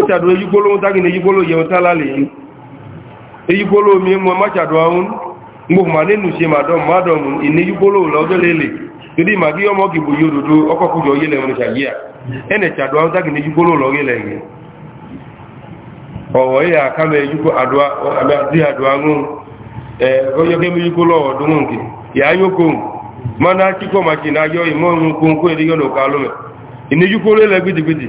machado eyigbolo nwụta gị na eyigbolo ye nwetala ala eyi eyigbolo ome mụ machado ọnwụ mgbe ma na-enuchie ma dọm ma dọm na eyigbolo ụlọ ọjọọ ma gị ọmọ gị bụ ihe ododo ọkọkụ gị oyele nwere chagi ya gị na eyigbolo ụlọ gị lele ọwọ ihe ma ejikwo adị ya mana na ị na-ejikworo ele gidigidi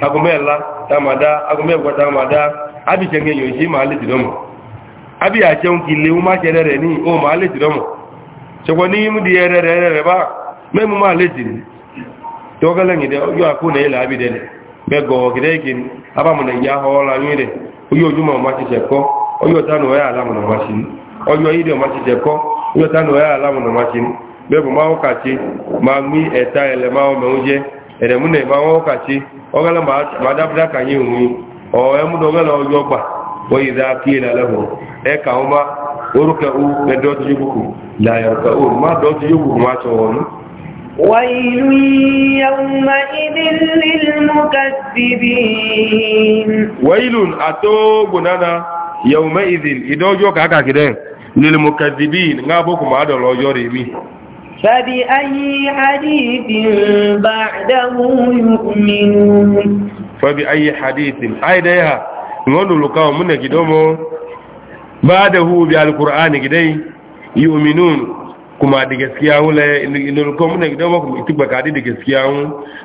agomela tamada agomegwa tamada abijenge yonji mali didomo abi aje unki le uma cherere ni o mali didomo ni mu di erere re ba me mu mali din dogala ngi de yo akuna ila abi dele me go gide gin aba mu ya hola nyire oyo juma ma ti cheko oyo tanu ya ala mu na machine oyo ide ma ti cheko oyo tanu ya ala mu na be bu ma o ka ma mi eta ele ma o me ere mụ ọ ebe anwa ọ ma adabụda ka anyị onwe ọ mụ na ogala ọjọ gba oyize aka ile alehụ eka ụma orukau edojigbuku na yarukau mmadụ ojigbuku ma chọwọnụ ويل يومئذ للمكذبين ويل أتوبنا يومئذ إذا جوك أكاكدين للمكذبين ngabo kuma adolo yori فبأي حديث بعده يؤمنون فبأي حديث أي ديها نقول لكم من قدومه بعده بالقرآن كدي يؤمنون كما دغسكيا ولا لكم من كدومو كما تبقى كادي دغسكيا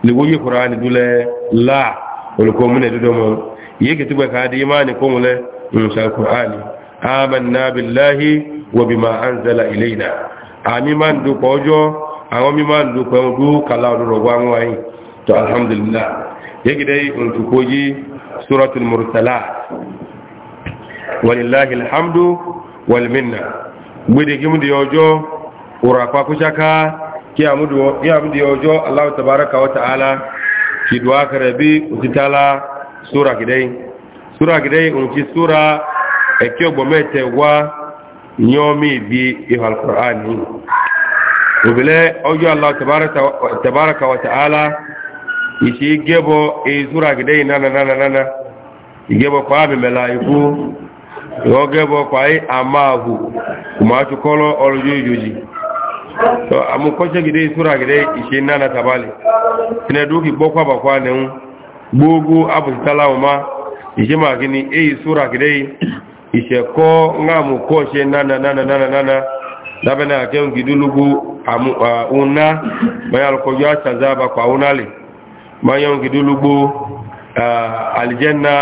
لوي القرآن دولا لا ولكم من كدومو يك تبقى كادي إيمان كم ولا من القرآن آمنا بالله وبما أنزل إلينا àmì máa ń dùpọ̀ ọjọ́ àwọn mi máa ń dùpọ̀ ọdún kàlà ọdọ̀rọ̀ wá wọn wáyé tó alhamdulillah yẹ́gidẹ́ òǹtukó yí suratul murtala walilahi alhamdu walminna gbẹdẹgẹmú di ọjọ́ òràpá kúṣáká kí àmúdi ọjọ́ aláwọ̀ tabaraka wa ta'ala ki duwa karabi òtítàlá sura gidẹ́ sura gidẹ́ òǹkí sura ẹ̀kí ọgbọ̀mẹ́tẹ̀ wá ñoomi bi ihu alquran ni obìnrin ọjọ́ allah tabaraka wa ta'ala ìṣe gẹ́bọ̀ ìṣúra gidẹ́ ìnanananana ìgẹ́bọ̀ kọ́ àmìmẹ̀lá ikú ìwọ́ gẹ́bọ̀ kọ́ ayé àmáàbù kùmọ̀ àtúkọ́lọ́ ọlọ́jọ́ ìjòjì àmúkọ́ṣẹ́ gidẹ́ ìṣúra gidẹ́ ìṣe nana tabali sinẹ́dúkì gbọ́kwàbàkwà nẹ́hún gbogbo abùsítàláwọ̀ ma ìṣe màkíní èyí ìṣúra gidẹ́ yìí ìṣẹ̀kọ́ ńláàmù kọ́ ṣe nánanánanánà lábẹ́nà àkẹ́hùn gidúlógún àúnná mayalkọjọ́ àṣàzá àbàkọ̀ àúnálẹ̀ mayahùn gidúlógún àlìjẹ́nà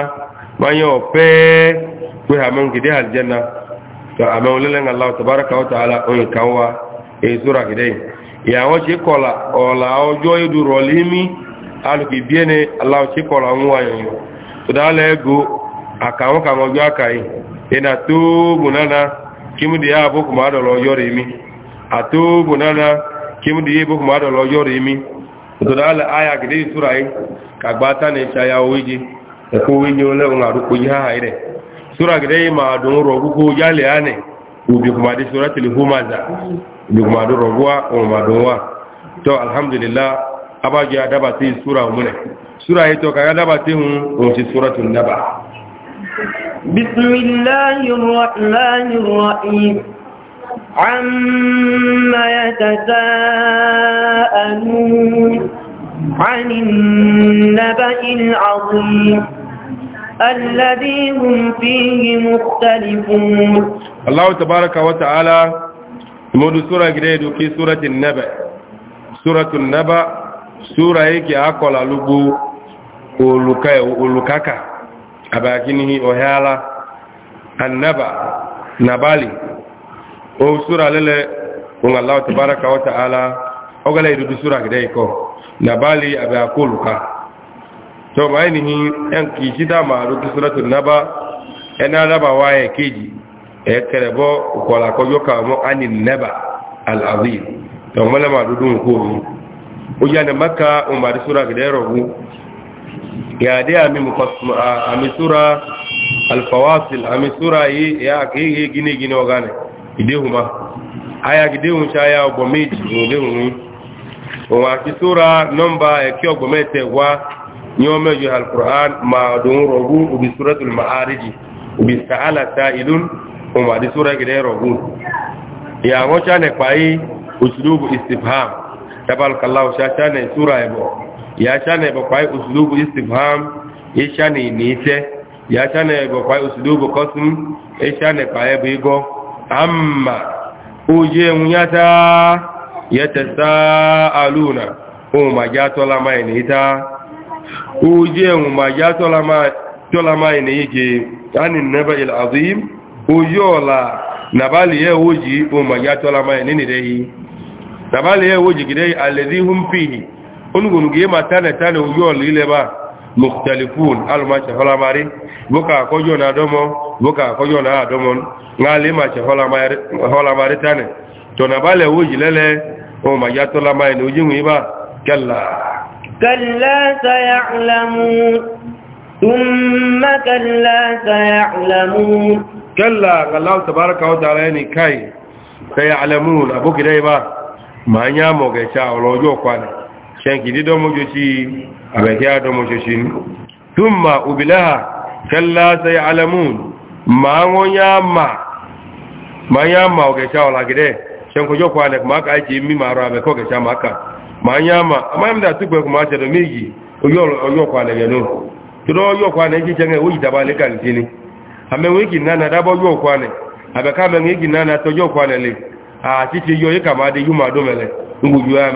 mayahùn pẹ́ pé àmẹ́hùn gidé àlìjẹ́nà àmẹ́hùn lẹ́lẹ́ngà láwọ̀ tàbárakà ọ̀tà àlà oyin kan wa èyí sóra gidé ìyàwó ṣe kọ̀lá ọ̀là ọjọ́ ìdú rọ̀lẹ́mí alùpì bíẹ́ni aláwọ̀ ṣe kọ̀lá ń wáyọ̀ yọ̀ tó dá lẹ́gọ́ àkàwọn kàwọn ọjọ́ àkàyè ina na nana kim di abu kuma da lo mi nana kim di abu kuma da mi to da ala aya gidi ka gbata ne cha ya wiji e ko wi onye ole un ya haire sura gidi ma don ro ku yale ya le ane kuma di suratul kuma do ma wa to alhamdulillah abaji ti sura mu sura yi ka ti hun o ti بسم الله الرحمن الرحيم عما يتساءلون عن النبأ العظيم الذي هم فيه مختلفون الله تبارك وتعالى منذ سورة جريد في سورة النبأ سورة النبأ سورة هيك أقول لبو ولكاكا abakinihi ohala annaba nabali o sura lele kun allah tabaraka wa ta'ala ogale idu sura gidai ko nabali abakuluka to bayinihi en ki jita ma ru suratul naba ena naba waye keji e kerebo ukola ko yoka mo anin naba al azim to mala ma dudun ko o yana makka umar sura gidai rogu ya dai ami ami sura alfawasil ami sura yi ya ke gine gine wa gane idehuma aya gidehun sha ya ogbo meji odehun òun àti sura nọmba ẹkẹ ọgbọ mẹtẹ wa ní ọmọ ẹjọ alkur'an ma dùn rọgù òbí suratul ma'ariji òbí sàálà ta ìlú òun àti sura gidẹ rọgù ìyàwó sànẹ pààyè òṣèlú istifham dabalkaláwò sàánẹ sura ẹbọ yacha na ebekwa usulubu istifham isha na inife yacha na ebekwa usulubu kosm isha na ka ebe igo amma uje nwunyata yatasa aluna ohun ma ja tolama inita uje ohun ma ja tolama inike anin naba il-azim ujola nabali ya uji, ohun ma ja tolama ininirehi nabali ya uji gidai alladhi hum onugonu ge ma tane tane uyo lile ba mukhtalifun alma chafola mari boka kojo na domo boka kojo na domo ngale ma chafola mari hola mari tane nya mo ge cha olojo kwane shankidi don mujoci a bakiya don mujoci tun ma ubilaha kalla sai alamun ma won ya ma ma ya ma oge sha ola gide shanko jo kwane kuma aka aiki mi ma ra be ko ge sha ma aka miji oyo oyo kwane ge no oyo kwane ji jenge wi da ba le kan tini ame kwane abe ka me ngi gi nana to yo kwane le a ti ti yo yi kama de yuma do mele ngugu ya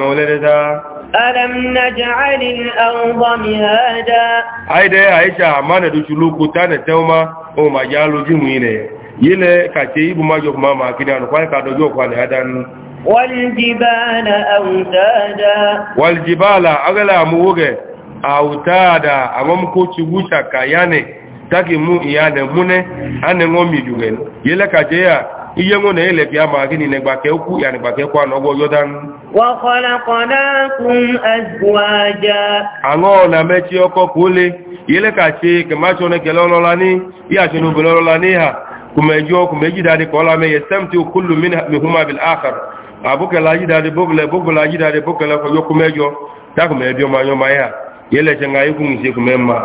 ألم نجعل الأرض مهادا عيدة عيشة عمانة دوشلوكو تانة توما وما جعلوا جمعينة يلي كاتيب ما جوك ماما كده نقوان كادو جوك وانا هدان والجبال أوتادا والجبال أغلى موغة أوتادا أمام كوتش وشا كياني taki mu iyane mune ane ngomi jugen yele kajeya iye ngone ele pia ma kini ne gbake oku ya ne gbake kwa nogo yodan وخلقناكم أزواجا أنغو نامتي أكو كولي يلكا تي كما شونا كلولو لاني يا شنو بلولو لانيها كما جو كما جي دادي كولا مي يستمتع كل منهما بالآخر أبوك لا جي دادي بوغلا بوغلا جي دادي بوغلا كو كما جو تا كما جو ما يوم يا يلكا نغاي كون سي كما ما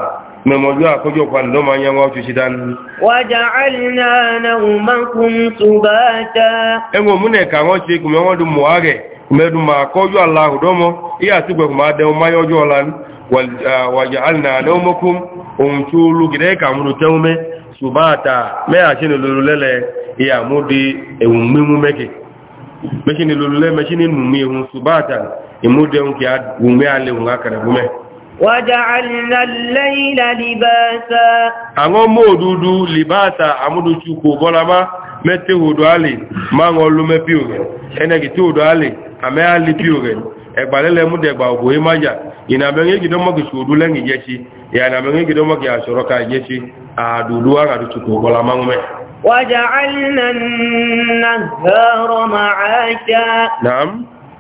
mẹ̀mọ̀jú àkójọ pàdé ma yẹn wọ́n ṣe ṣídá ní. wàjà àìlànà òmàkùn tùbátà. ẹgbẹ̀múnẹ̀ kà wọ́n ṣe kùnmọ́ wọ́n dùn mọ̀ rẹ̀ meduma kojo allah domo iya sigwe kuma de o mayo jolan ah, waj'alna nawmakum umtulu gideka muru tewme subata me ashini lululele iya mudi ewumimu meke mechini lulule mechini mumi ehun subata imude unki ad umme ale unga وجعلنا الليل لباسا àwọn mọ́ òdúdú libáta àmúdútù kò bọ́lámá mẹ́tẹ́ òdó alì máa ń ọlú mẹ́pí rẹ̀ ẹnẹ́gì tí òdó alì àmẹ́ alì pí rẹ̀ ẹgbàlẹ́lẹ́ múdẹ̀gbà ògbò ìmájà ìnàmẹ́rin وجعلنا النهار معاشا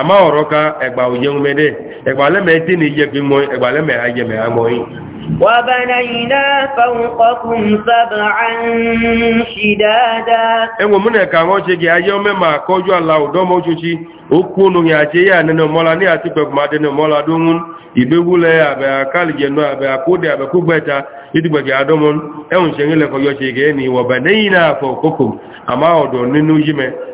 ama ọ̀rọ̀ ka ẹgbà òjẹun mẹ́dẹ́ ẹgbà lẹ́mẹ̀ tí ní jẹ́ fi mọ́ ẹgbà lẹ́mẹ̀ ajẹ́mẹ̀ àmọ́ yìí wàbànáyìnà fàúnkọkùn sábà ṣì dáadáa ẹwọ̀n múnẹ̀ ka wọ́n ṣe gẹ̀ ayé ọmọ ma kọjú àlà ọ̀dọ́mọ́ oṣooṣi ìgbéwúlẹ̀ àbẹ̀ àkálìjẹ̀nù àbẹ̀ àkódẹ̀ àbẹ̀ kúgbẹ̀ta ìdìgbẹ̀gẹ̀ ẹ̀hùn ṣe ń lẹ́kọ̀ọ́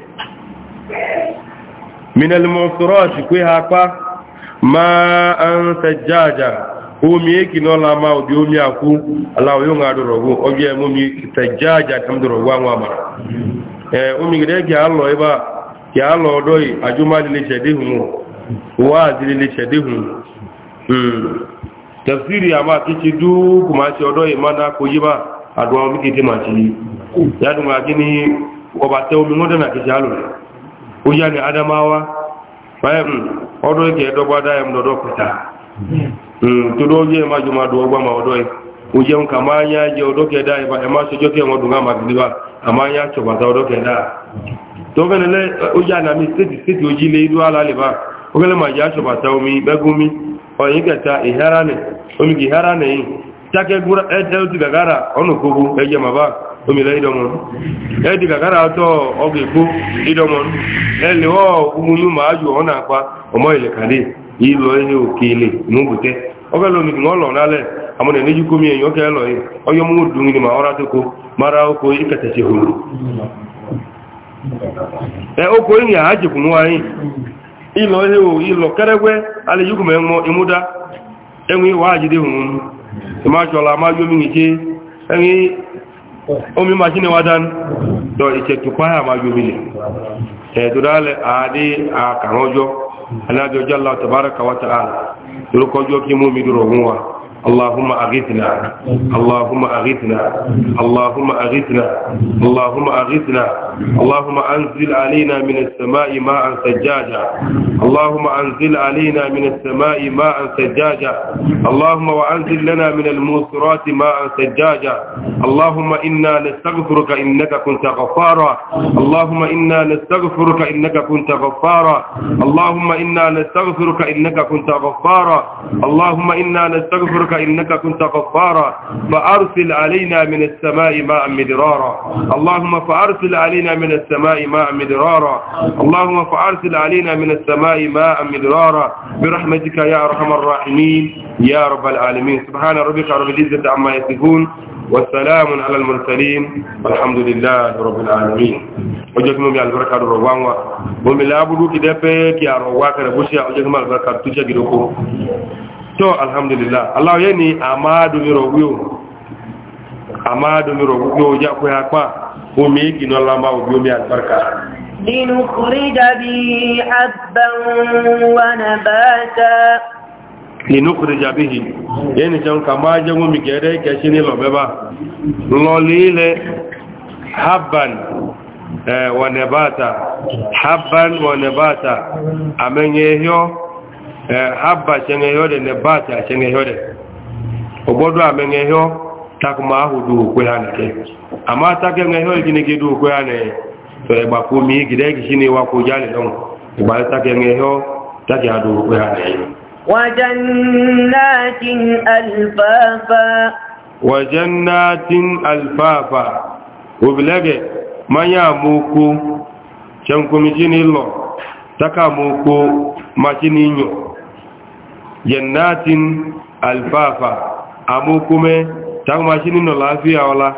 من المفترات كويها أكبا ما سجاجا omi eki n'ọla ma obi omi akwụ ala oyo nga adọrọgwụ obi eme omi tajaja ka m dọrọgwụ anwụ amara ee omi gịrị gị alọ ebe a gị alọ ọdọghị ajụma dịlịche dịhụ mụ ụwa dịlịche dịhụ tafsiri ama ma ci odo imana ko yi ba aduwa miki ti ma ci ojani adamawa bayan ọdọ mm, ike dọgba dayam dọdọ kuta mm, todo oje ma juma do gba e. ma ọdọ oje nka ma anya je ọdọ ke dai ba ma sojo ke wọn dunga ma biliba ama anya choba ta ọdọ ke da to gele le uh, oje na mi state state ma ja choba ta omi begumi oyin keta iharane omi ki harane yin take gura e te o onu kogu eje ma omìnira ìdọ̀mọ̀ ẹ̀dì kàkàrà àtọ́ ọgbẹ̀ ìgbó ìdọ̀mọ̀ ọ na akpa ọ ọ̀nà àpá ọmọ ilẹ̀ kàdé ìlọ ihe òkè ilẹ̀ ìmúgbùtẹ́ ọgbẹ́ lómi kì wọ́n lọ nálẹ̀ àmọ́ nẹ̀ níjú kómi ẹ̀yìn ọkẹ́ lọ yìí ọyọ́ mú dùn ní màá ọ̀rá tókó mara oko ìkẹtẹ̀sẹ̀ ihe ò ìlọ kẹrẹgbẹ́ alẹ́yìkùnmọ̀ ẹ̀mọ́ ìmúdá ẹ̀wọ̀n ìwà àjídé ma ìmájọ́lá omi yómi nìké omi ma ṣíni wádán lọ ìṣẹ̀tù páyà máa yomile ẹ̀dùdálẹ̀ àádé àkàrànjọ́ alájọjọ́ aláwọ̀ tàbárakà wátàá lórúkọjọ́ kí mú mi dúró wọn اللهم أغثنا اللهم أغثنا اللهم أغثنا اللهم أغثنا اللهم أنزل علينا من السماء ماء سجاجا اللهم أنزل علينا من السماء ماء سجاجا اللهم وأنزل لنا من الموسرات ماء سجاجا اللهم إنا نستغفرك إنك كنت غفارا اللهم إنا نستغفرك إنك كنت غفارا اللهم إنا نستغفرك إنك كنت غفارا اللهم إنا نستغفرك ربك إنك كنت غفارا فأرسل علينا من السماء ماء مدرارا اللهم فأرسل علينا من السماء ماء مدرارا اللهم فأرسل علينا من السماء ماء مدرارا برحمتك يا أرحم الراحمين يا رب العالمين سبحان ربك رب العزة عما يصفون والسلام على المرسلين الحمد لله رب العالمين وجهكم من البركة الروانوة ومن لا بد كده بك يا رواك ربوشي وجهكم البركة تجاكي to alhamdulillah allah ye ni amadu mi ro wiyo amadu mi ro wiyo ja ko ya pa o mi ki no la ma o mi albarka linukhrij bi eh, habban wa nabata linukhrij bihi yani jan kama je mo mi gere ke shini lo beba lo lile habban abba chenge yode ne bata chenge yode obodo amenge yo takuma hudu kwehana ke ama take nge yo jini gidu kwehane to e bafu mi gide gishini wa ku gị don e ba take nge yo take kwehane nyo. jannatin alfafa amu kume ta kuma shi nino lafiya wala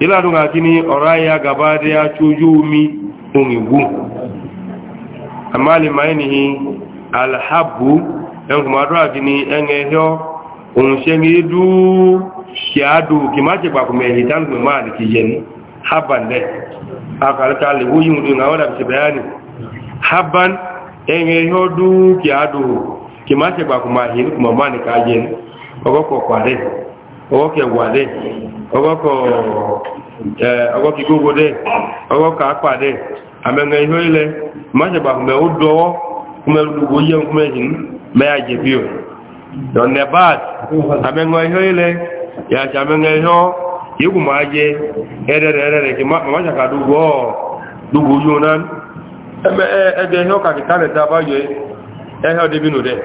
ila dunga kini oraya gaba da ya cuju mi unigu amma limainihi alhabu yan kuma adura kini yan ehiyo ohun se ni du ki adu ki ma ce gbakume ehi ta nufin ma da ki yeni haban ne akalika lewu yi mudu na wadda fi bayani haban yan ehiyo du ki adu kìmá ṣe gbàkú máa yìí kùmọ̀ máa nìka yé ni ọgọ́kọ̀ kwàdé ọgọ́kẹ̀ wàdé ọgọ́kọ̀ ẹ ọgọ́kì gbogbo dé ọgọ́kà àpàdé àmẹ́ngẹ́ ihò ilẹ̀ má ṣe gbàkú mẹ́ ó dọwọ́ kúmẹ́ gbogbo yẹn kúmẹ́ yìí mẹ́ àjẹ́ bí o ẹ̀hẹ́ ọdẹ́bínú rẹ̀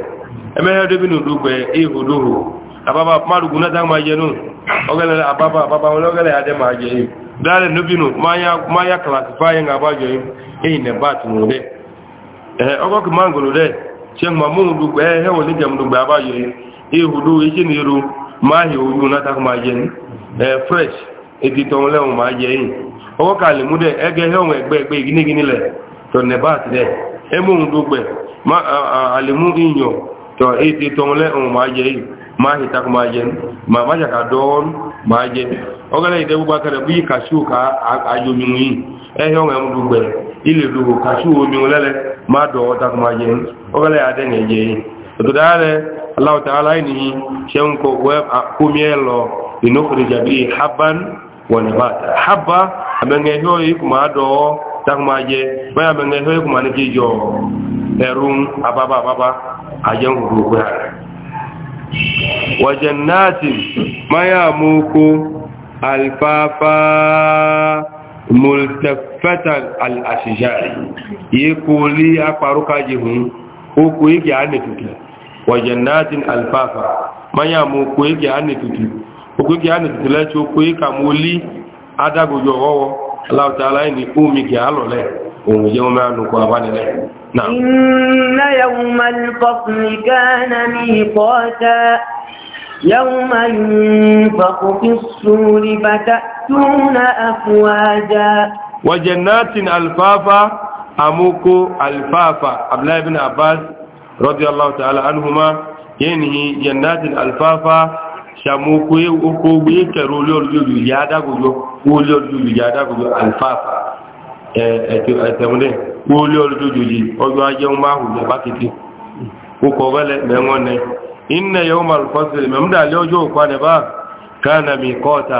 ẹmẹ́rẹ́ ọdẹ́bínú lúgbẹ̀ ihùdóhù ababa márùgún náà dáhùn máa jẹ nù ababa àbábá àbábá ma adẹ́ máa jẹ yìí dáàrẹ̀ lóbínú máa yá kàlàsífáyẹ̀ ń àbájọ yìí èyí nẹ̀ bá ti rùn rẹ̀ ẹ̀hẹ́ ọgọ́kì mángòrò rẹ̀ ṣe ń mọ̀mú jẹun yìí irú máa hì náà dáhùn máa fresh ètì mú ẹgbẹ́ ẹgbẹ́ ma alimu inyo to ete e, tongle on um, ma je ma hita ko ma je ma ma ka don ma je o gele ide bu bakare bu ka shu ka ayo mi ni e yo ngam bu gbe ile du ka shu o mi lele ma do ta ko ma je o gele ade ne je to dale allah ta'ala ni shen ko web ko mielo inukhrija bi habban wa nabata habba abenge yo ikuma do takuma je maya menge he kuma ne ki jo erun ababa baba ajen huru ko ya wa jannatin maya muku alfafa multifetal al ashjari yekuli aparuka jihun oku yake ane tutu wa jannatin alfafa maya muku yake ane tutu oku yake ane tutu la choku yake amuli adagojo owo Allah ta'ala ni umi ki alole ohun je ma nu ko abanile na inna yawmal fasl kana miqata yawma yunfaqu fis suri fatatuna afwaja wa jannatin alfafa amuko alfafa abdullah ibn abbas radiyallahu ta'ala anhuma yanhi jannatin alfafa sàmókò okò ogbé kẹrù olóòlù yìí adágójó olóòlù yìí adágójó alfáàfà ẹ̀tẹ̀múdẹ̀ olóòlù yìí ọjọ́ ajẹun máa hù jẹba kìtì okò wẹ́lẹ̀ mẹ́wọ́n nẹ yóò máa lù mẹ́múdàlẹ́ ọjọ́ òpanẹ̀ bá kánàmì kọ́ọ̀tà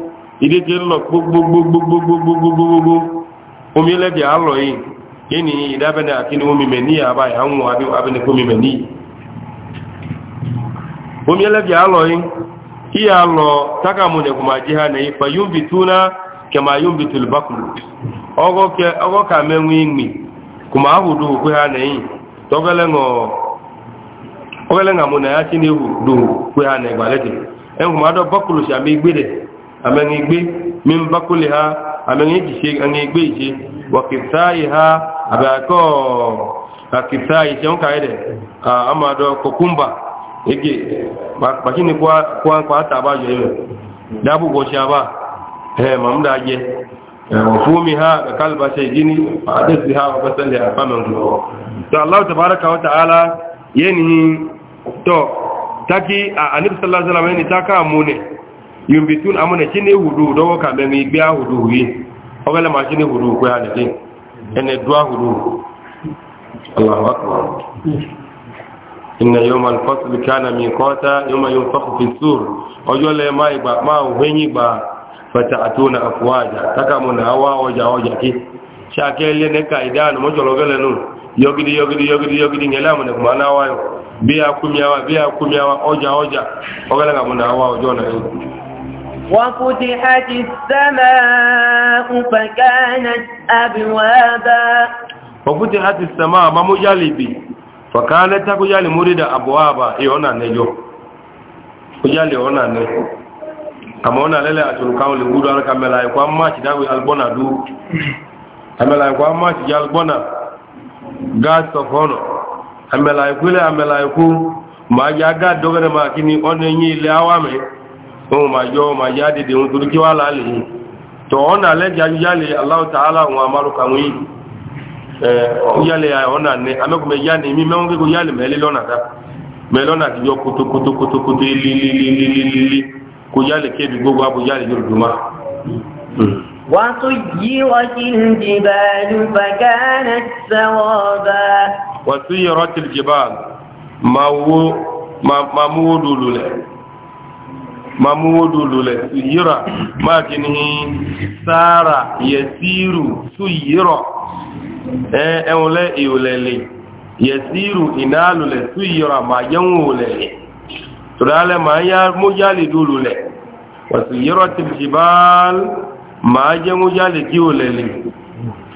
ideke lọ gbogbogbogbogbogbogbogbogbogbo omi lẹ́dẹ̀ alọ̀ yìí omi a lọ amẹ́ngigbe mímbakúlì ha amẹ́ngigbe ìṣe wàkìtáyì ha àbẹ̀kọ́ àkìtáyì ṣe ń kàí rẹ̀ àmàdọ̀ kòkúmbà ege pàṣí ni kwáńkwá tàbájọ ẹ̀rẹ̀ dábùgbọ́ ṣe àbá ẹ̀ mọ̀mdá jẹ wàfúmi ha kàkálùbà ṣe ìdíní àdẹ́sì ha wàbẹ́sẹ̀lẹ̀ àfámẹ́ yombitun amune chine hudu dogo kambe mi gbe hudu wi ogala ma chine hudu ko ya ne ene dua hudu Allahu akbar inna yawma al-fasl kana miqata yawma yunfakhu fi sur ojo le ma igba ma ohenyi gba fata'atuna afwaja taka muna hawa oja oja ki shakele ne kaidan mo gele nu yogidi yogidi yogidi yogidi ngela mo ne mana wayo biya kumyawa biya kumyawa oja oja ogala ga muna hawa ojo na وفتحت السماء فكانت أبوابا وفتحت السماء ما مجالبي فكانت تكجال مريد أبوابا إيونا نجو kujali ona ne kama ona lele atulukan le gudu ala kamela ko amma ti dawi albona du amela ko amma ti albona gas of honor amela ko le amela ko ma ya ga dogere ma kini onenyi le awame ohun ma yọ ọmọ ya dìde ohun torí kí wá láàlè yìí tọ̀ ọ́nà alẹ́jà yálè aláwọ̀ta aláwọn amárùkà wọn yìí yálè ọ̀nà ní amẹ́kùnmẹ́ yá ní mi mamuwodo lulẹ̀ suyira máa kì ní sára yẹ̀síru suyira ẹ̀hún lẹ́ ìwòlẹ̀lẹ̀ yẹ̀síru ìnáàlùlẹ̀ suyira máa yẹ̀wò lẹ̀lẹ̀ tòdálẹ̀ máa yá mójálè lulẹ̀ wàsuyira ti jìbáàl máa yẹ mójálè kí wòlẹ̀lẹ̀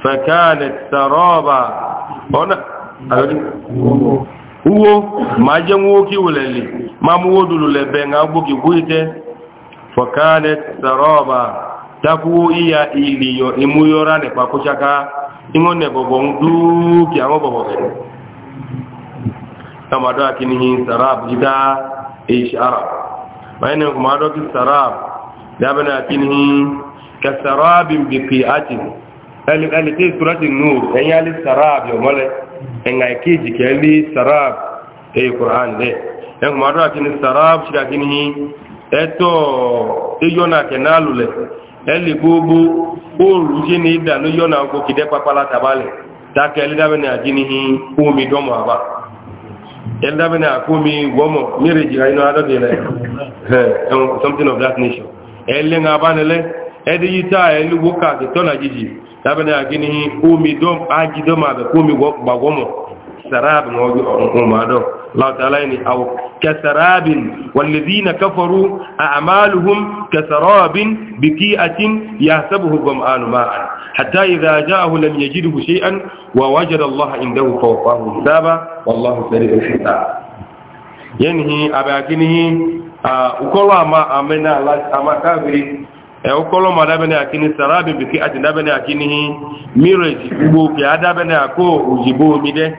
fẹ̀kánẹ̀ tàrọ́ọ̀bà ọ̀nà uwo ma je nwoke wulele ma muwo dulu lebe nga gbogi gwite fokane saroba takuwo iya iliyo imuyora ne pakuchaka ingone bobo nduki ango bobo gene kama do akini hin sarab ida ishara maana kuma do ki sarab da bana akini hin ka sarabin biqiatin al al ti suratin nur ayali sarab yo mole ẹ̀ngà ìkéjì kẹ́lí sarab èyí kùrán lẹ̀ ẹ̀kùn máa dọ́ra kíni sarab ṣíra kíni ẹ̀tọ́ eyọ́nà kẹ̀nàlù lẹ̀ ẹ̀lì gbogbo oòrùn ṣe ní ìdà ló yọ́nà ọkọ̀ kìdẹ́ pápálá tàbálẹ̀ mi ẹlẹ́dàbẹ̀nà àjíní omi dọ́mọ̀ àbá ẹlẹ́dàbẹ̀nà àkómi wọ́mọ̀ mírèjì ayinú adọ́dẹ̀lẹ̀ something of that nature ẹ̀lẹ́ngà abánilẹ́ ẹ̀dí yíta ẹ̀lúgbó káàkiri tọ́nà jiji. tabana agini umi dom aji dom abe kumi bagomo سراب ومادو الله تعالى أو كسراب والذين كفروا أعمالهم كسراب بكيئة يحسبه الظمآن ماء حتى إذا جاءه لم يجده شيئا ووجد الله عنده فوقاه حسابا والله سريع الحساب ينهي أباكنه وكل ما أمنا الله أما كافرين ẹ̀kọ́lọ́ ma dábẹ́ni àkíní sàrábì bìkí àti dábẹ́ni àkíní mírèjì gbogbo kì á dábẹ́ni àkó òjìbó omi dẹ́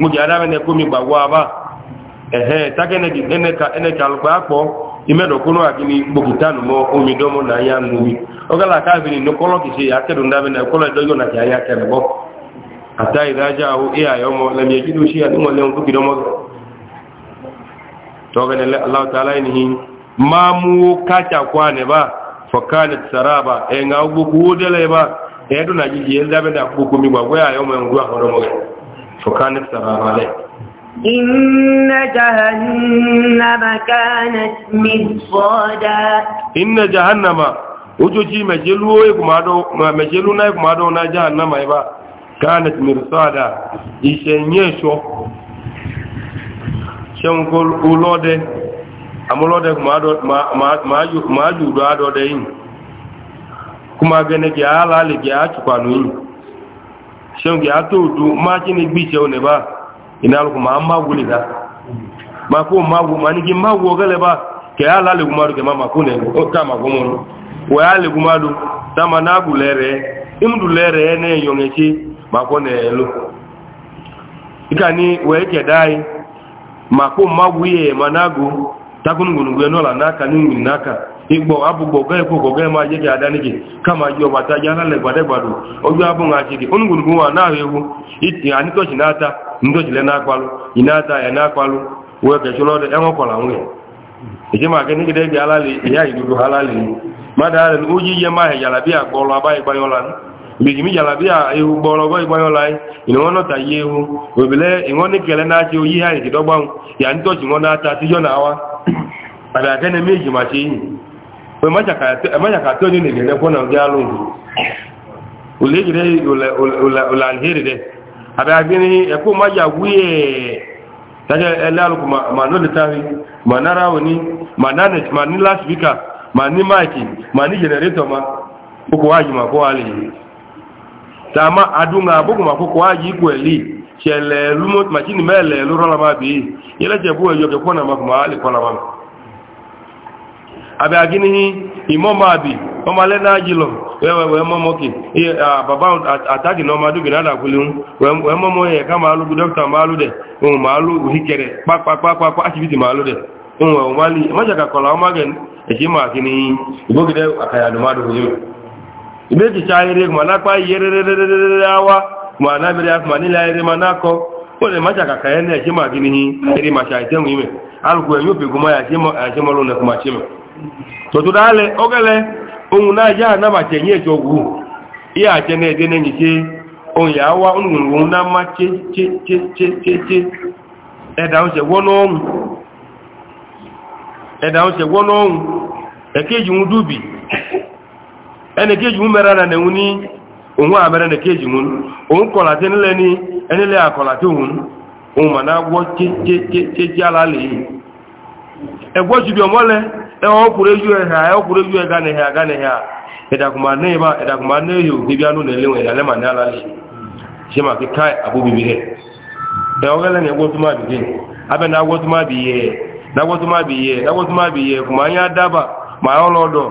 mo kì á dábẹ́ni kó mi gbàgbọ́ abá ẹ̀hẹ́ tákẹ́nẹ̀kì ẹnẹ́kì alùpàá pọ̀ ìmẹ́dọ̀kúnú àkíní gbòkìtánù mọ́ omi dọ́mọ́ náà yá ń wí ọgálà káàbìnrin ní kọ́lọ́ kìí ṣe àkẹ́dùn dábẹ́ni ẹ̀kọ́lọ́ ìdọ́jọ́ náà kì á yá kẹrẹ̀ bọ́ àtà ìdájá o é àyọ́ mọ́ lẹ́mi ẹ̀kí ló ṣe àdúgbò lẹ́hun tó kìdọ́mọ́ aláìníhìn máa mú káàkiri àkọ́ ànẹ́bà fakanet saraba e nga ugu kudele ba e do na jiji elda be na kuku mi gwa ya yomo ngwa horo mo fakanet saraba le إن جهنم كانت مرصادا إن جهنم وجوجي مجلو يكمادو مجلو نا يكمادو نا جهنم يبا كانت مرصادا يشنيشو شنقول أولوده amulode ma ma ma judo adode yin kuma gene ki ala le ki atukanu yin seun ki atodu ma gbi gbise one ba ina lu kuma ma wuli ga ma ko ma wu ma ni ki ma wo gele ba ke ala le kuma ke mama ko ne o ka ma ko mo wo ale kuma du tama na gulere imdu lere ne yongechi ma ko ne elu ikani we ke dai ma ko ma wuye managu tagongonogwe n'ụla n'aka na ngwiri n'aka igbo abụgbọ ga ịkpọ kọ gaghị m gị ada gị kama ji ọgbata ji alala gbadagbado oge abụghị achị gị onugwurugwo nwa na-ahụ ewu iti anyị tochi na-ata ndochile na-akpalụ ị na-ata ya na gị ya mmadụ arịa ihe mahị yara bịa kpọrọ agbaghị gbanye ọla mgbe mi jala bia ewu gbọrọ ọgbọ ịgbanyọ la ịna nwa nọta yi ewu obele ịnwọ n'ikele na-achị oyi ha ejido gbanwụ ya ntọchi nwa na-ata atijọ na awa abịa aka na-eme eji ma chi enyi emaja ka atọ onye na-egere kwọ maja gwuye taja ele alụkwụ ma nọdetari ma nara oni ma nanet ma ni laspika ma ni maiki ma ni jenereto ma ụkwụ ha ji ma tama adunga bugu makoko aji kweli chele lumo machini mele lurola mabi ile jebu yo ke kona makuma ali kona mama abe agini hi imo mabi o male na ajilo wewe we momo ki e baba ataki no madu bi nada kulun we momo ye kama alu doctor malu de o malu hikere pa pa pa pa pa activity malu de o wali maja ka kola o magen e jima agini ibogide akaya no madu kulun imechicha ahịrị ma na akpa ihe rerererere awa ma na bere ma niile ahịrị ma nakọ akọ onye macha ka ka ya na-eche ma gị n'ihi ma cha ite nwe ime alụkwu enye ya ma tụtụrụ alị ogele onwu na aja ha enye eche ogwu ihe ache na-ede na onye awa ngwungwu na mma ẹni kéjì mú mẹ́ra náà nẹ̀wú ní òun àmẹ́rẹ́ ní kéjì mú òun kọ̀lá tí nílẹ̀ ní ẹnilẹ̀ àkọ̀lá tí òun òun mà náà wọ́ chéjì alálẹ̀ yìí ẹgbọ́ jùbí ọmọlẹ̀ ẹwọ́ ọkùnrin yú ẹ̀hà ọkùnrin yú ẹ̀gá nìhà ẹ̀gá nìhà ẹ̀dàkùnmá náà ẹ̀dàkùnmá ní fi ká àbúbìbì rẹ̀ ẹ̀ọ́gẹ́lẹ́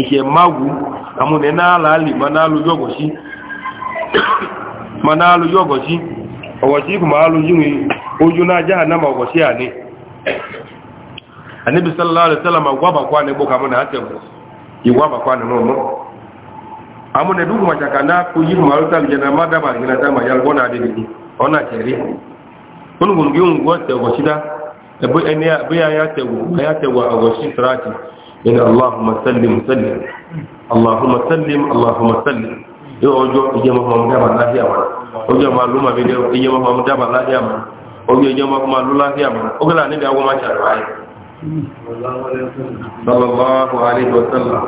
ìṣẹ̀ máwú àmúnẹ̀ náà láàlì ma náà lójú ọgọ̀ṣí ọgọ̀ṣí kùmà lójú ojú náà jáà náà ọgọ̀ṣí àní àníbi sallallahu alaihi wasallam gwabakwa ne boka muna atembo igwabakwa ne nono amune dugu machakana kuyiru maruta bijana madaba ngina tama yalgona adini ona cheri kunu gungi ungwa tego shida ebe ene ya be ya tego ya tego agoshi strati إن اللهم سلم سلم اللهم سلم اللهم سلم yóò ọjọ́ ìjẹmọ́ ọmọ dábà láhíà mọ́ ọjọ́ ma ló ma bí dẹ́ ìjẹmọ́ ọmọ dábà láhíà mọ́ ọjọ́ ìjẹmọ́ ọmọ ló láhíà mọ́ ọgọ́lá níbi àwọn máa ṣàrọ̀ ayé sallallahu alaihi wasallam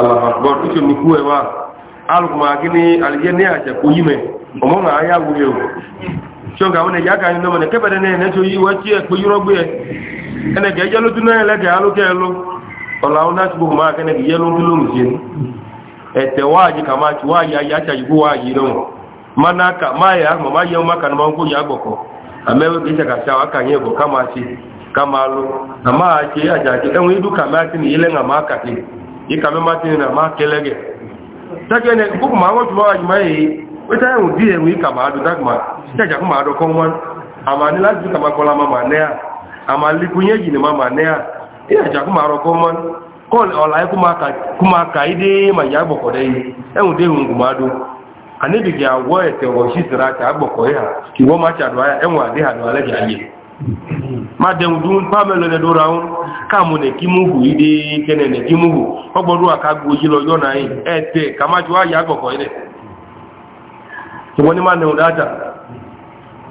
allahu akbar tuke mi kuwe wa alukuma kini alije ni aje ko yime omo na aya wure o so ga wona ya ka ni no mo ne kebere ne ọ̀la ọ̀la ti gbogbo máa kẹ́nẹ́ kì yẹ́ ló ń kí ló ń ṣe ẹ̀tẹ̀ wáàyè kàmá ti wáàyè ayé àṣàyè kó wáàyè náà mana ka maya ma ma yau maka na banko ya gboko amma wai kisa ka shawa kan yego kama ce kama lo amma ake ya jaje dan wai duka ma tin yele na ma ka tin yi kame ma tin na ma kelege take ne ku ma wa tuwa ji mama ne ya amma likunye ina ja kuma ro ko man ko ola ka kuma ka ide ma ya gboko dai ehun de hun kuma do anabi ga wo e te wo shi sira ka gboko ya ki wo ma cha do ya ehun ade ha do ale ja ye ma de hun dun pa me lo le do ra hun ka mu ne ki mu hu ide kene ne ki mu hu ogbodu aka gbo yi lo yo na yin e ka ma ju ya gboko ile ti woni ma ne hun data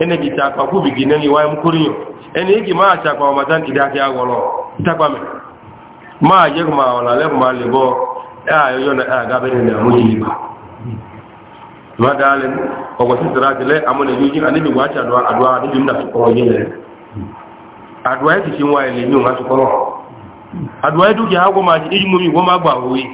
ene bi ta kwa kubi gi nengi wa mkurinyo ene iki ma cha kwa ida takwa me ma je ma wala le ma le bo ya yo na ga be na mu ji ba ma dale o ko sitira de le amone yuji ani wa cha do adwa na ko ye le adwa ti tin wa ile ni ma ko adwa du ki ha ko ma ji mu mi ma yi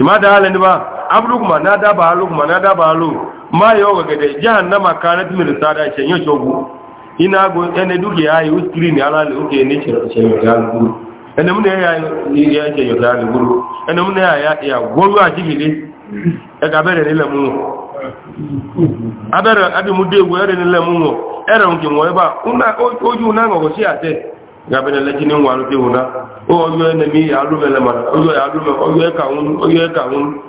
ma dale ni ba ablugma na daba alugma na daba alu ma yo gede jahannama kana timir sada che nyo chogu ina go ene duki ayi uskiri ni ala uke ni che che yo galu ene mun ya ya che yo galu guru ene mun ya ya ya goru ajigile e ka bere ni lemu abere abi mu de go ere ni lemu ere mo eba una oju na ngo si ate gabẹ̀rẹ̀ lẹ́jí ní wọn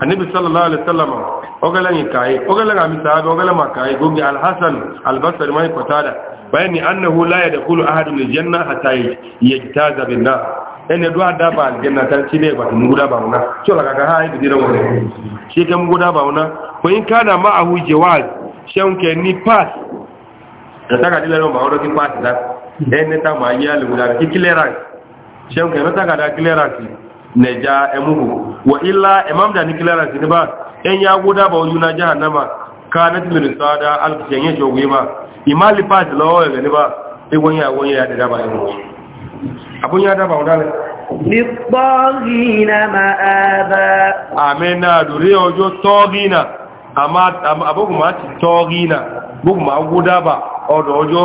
annabi sallallahu alaihi wasallam ogala ni kai ogala ga misahabi ogala ma kai gogi al-hasan al-basri mai qatada bayani annahu la yadkhulu ahadun al-janna hatta yajtaza bin nar ene do ada ba al tan cile ba mu ba una to la ga hayi bidira wone shi kan guda ba una ko in kana ma'ahu jawaz shan ke ni pass da taka dilero ba oro kin pass da ene ta ma yali guda ki clearance shan ke ta ga da clearance neja emuhu wa illa imam da nikilara ziniba en ya guda ba yuna jahannama kanat min sada al kenye jogi ba imali pat lo ne ba e wonya wonya ya daba ba yau abun ya da ba wadale للطاغين مآبا امنا دوري اوجو طاغينا اما ابوكم ما طاغينا بوكم ما غودا با اودو اوجو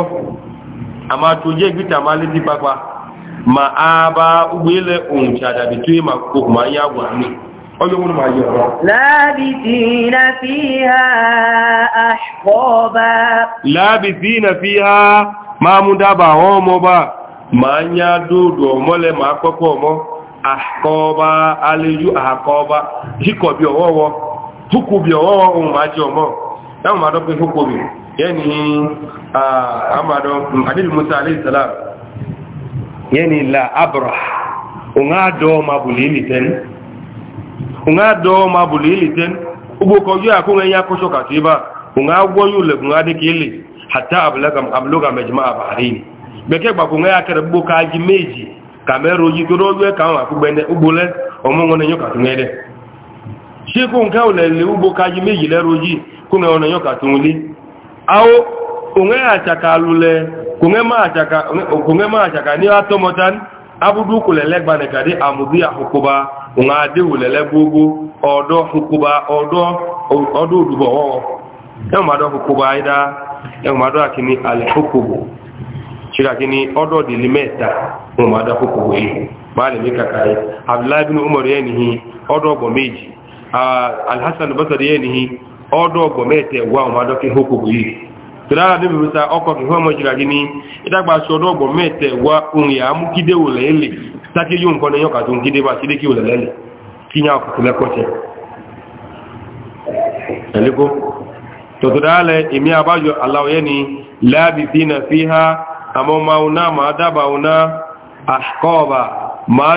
اما توجي بيتا مالي دي بابا ma a ba ugbele onwucha dabitue ma koko ma anya gwa nne ọjọ́ múlùmọ̀ ayé ọ̀rọ̀. láàbìdìínà fi ha àṣọ́bá. láàbìdìínà fi ha máa mú dábàá àwọn ọmọ bá máa ń yá dòdò ọmọlẹ̀ máa pọ́pọ̀ yani la abra unga do ma bulili ten unga do ma bulili ten ubu ko yo akunga ya ko so katiba unga wo le unga de kile hatta ablaga abluga majma'a bahrini beke gba ko ya kere bo ka ji meji kamero ji to do kan wa ku gbene ubo le omo ngone yo ka tunede ko nka o le ubu ubo ka ji meji le roji ku ne ona yo ka awo unga ya chakalule kunge ma achaka ni atomotan abudu kulele gbane kadi amudi ahukuba nga adi ulele gbogbo odo hukuba odo odo odubo wo e ma do hukuba aida e ma do akini al hukubu kini odo dilimeta ma do yi abdullah ibn umar odo meji al ah, hasan basri odo mete wa ma do ki tọ́lára níbi wíta ọkọ̀ kìí fọ́mọ̀ jìrà gí ní ìdágbà ṣọdọ́ ọgbọ̀n mẹ́tẹ̀ wá ohun ìyá mú kídé wò lẹ́lẹ̀ tákí yóò nǹkan ní yọ́kà tó ń kídé bá sídé kí wò lẹ́lẹ̀ kí ní àkùkù lẹ́kọ̀ọ́tẹ̀ ẹ̀lẹ́kó tọ̀tọ̀dálẹ̀ èmi na fi ha àmọ́ mauna máa dábàuna àkọ́ọ̀bà máa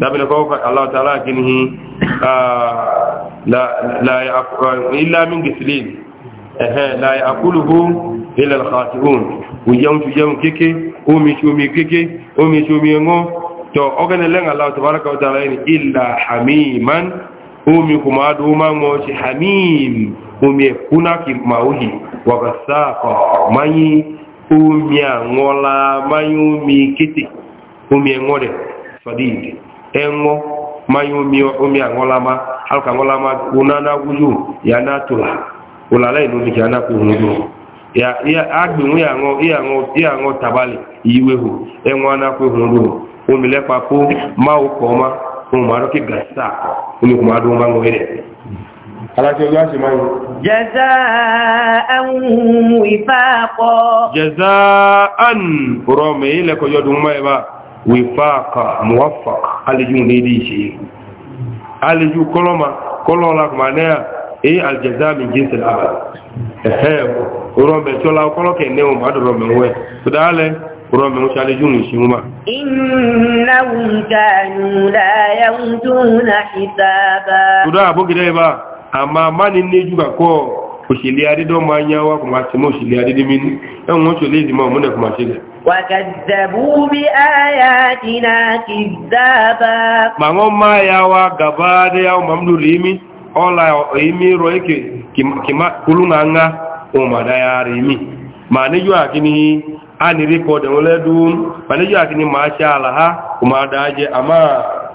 dabila ko Allah ta'ala kinhi la la illa min gislin eh la yaquluhu illa al-khati'un wiyam tuyam keke omi shumi keke omi shumi ngo to ogana lenga Allah tabaraka wa ta'ala ni illa hamiman omi kuma duma ngo shi hamim omi kuna ki mauhi wa gasaqa mayi omi ngola mayi omi kiti omi ngore fadidi ẹ̀ńgọ́ máyé omi omi àńgọ́lámá alùpùpù àńgọ́lámá onáná wújú yàná tòlà òlàlẹ́ ìlú omi yàná kò wọ́n ya agbèwọ̀n ìyàngọ́ ìyàngọ́ tabali ìwéhù ẹ̀ńgọ́ aná kò wọ́n dúró omi lẹ́pa kó wifaqa muwaffaq aliju nidi shi aliju koloma kolola manea e aljaza min jins al-amal ehe urombe tola koloke neo madro menwe tudale urombe mo aliju nishuma innahum kanu la yawtuna hisaba tuda bogire ama mani e neju وكذبوا بآياتنا كذابا ما ما يا وغباد يا مملوليمي ola imi roike kima kuluna nga o ma da ya rimi ma ne yu akini ani record o le dum ma ne yu akini ma sha ala ha kuma da je ama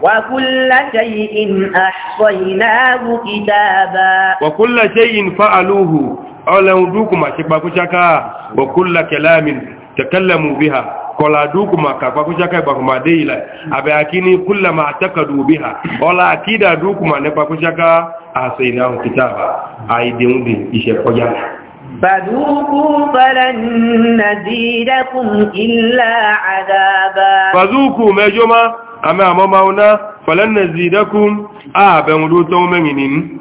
wa kullu shay'in ahsaynahu kitaba wa kullu shay'in fa'aluhu ola udu kuma shi ba ku shaka wa kullu kalamin takallamu biha kola duku maka kwa kuchaka ba kuma deila abe akini kullama atakadu biha ola akida duku mane kwa kuchaka asaina kitaba aide undi ishe koja فذوقوا فلن نزيدكم إلا عذابا فذوقوا ما جمع أما ممونا فلن نزيدكم آبا مدوتو منين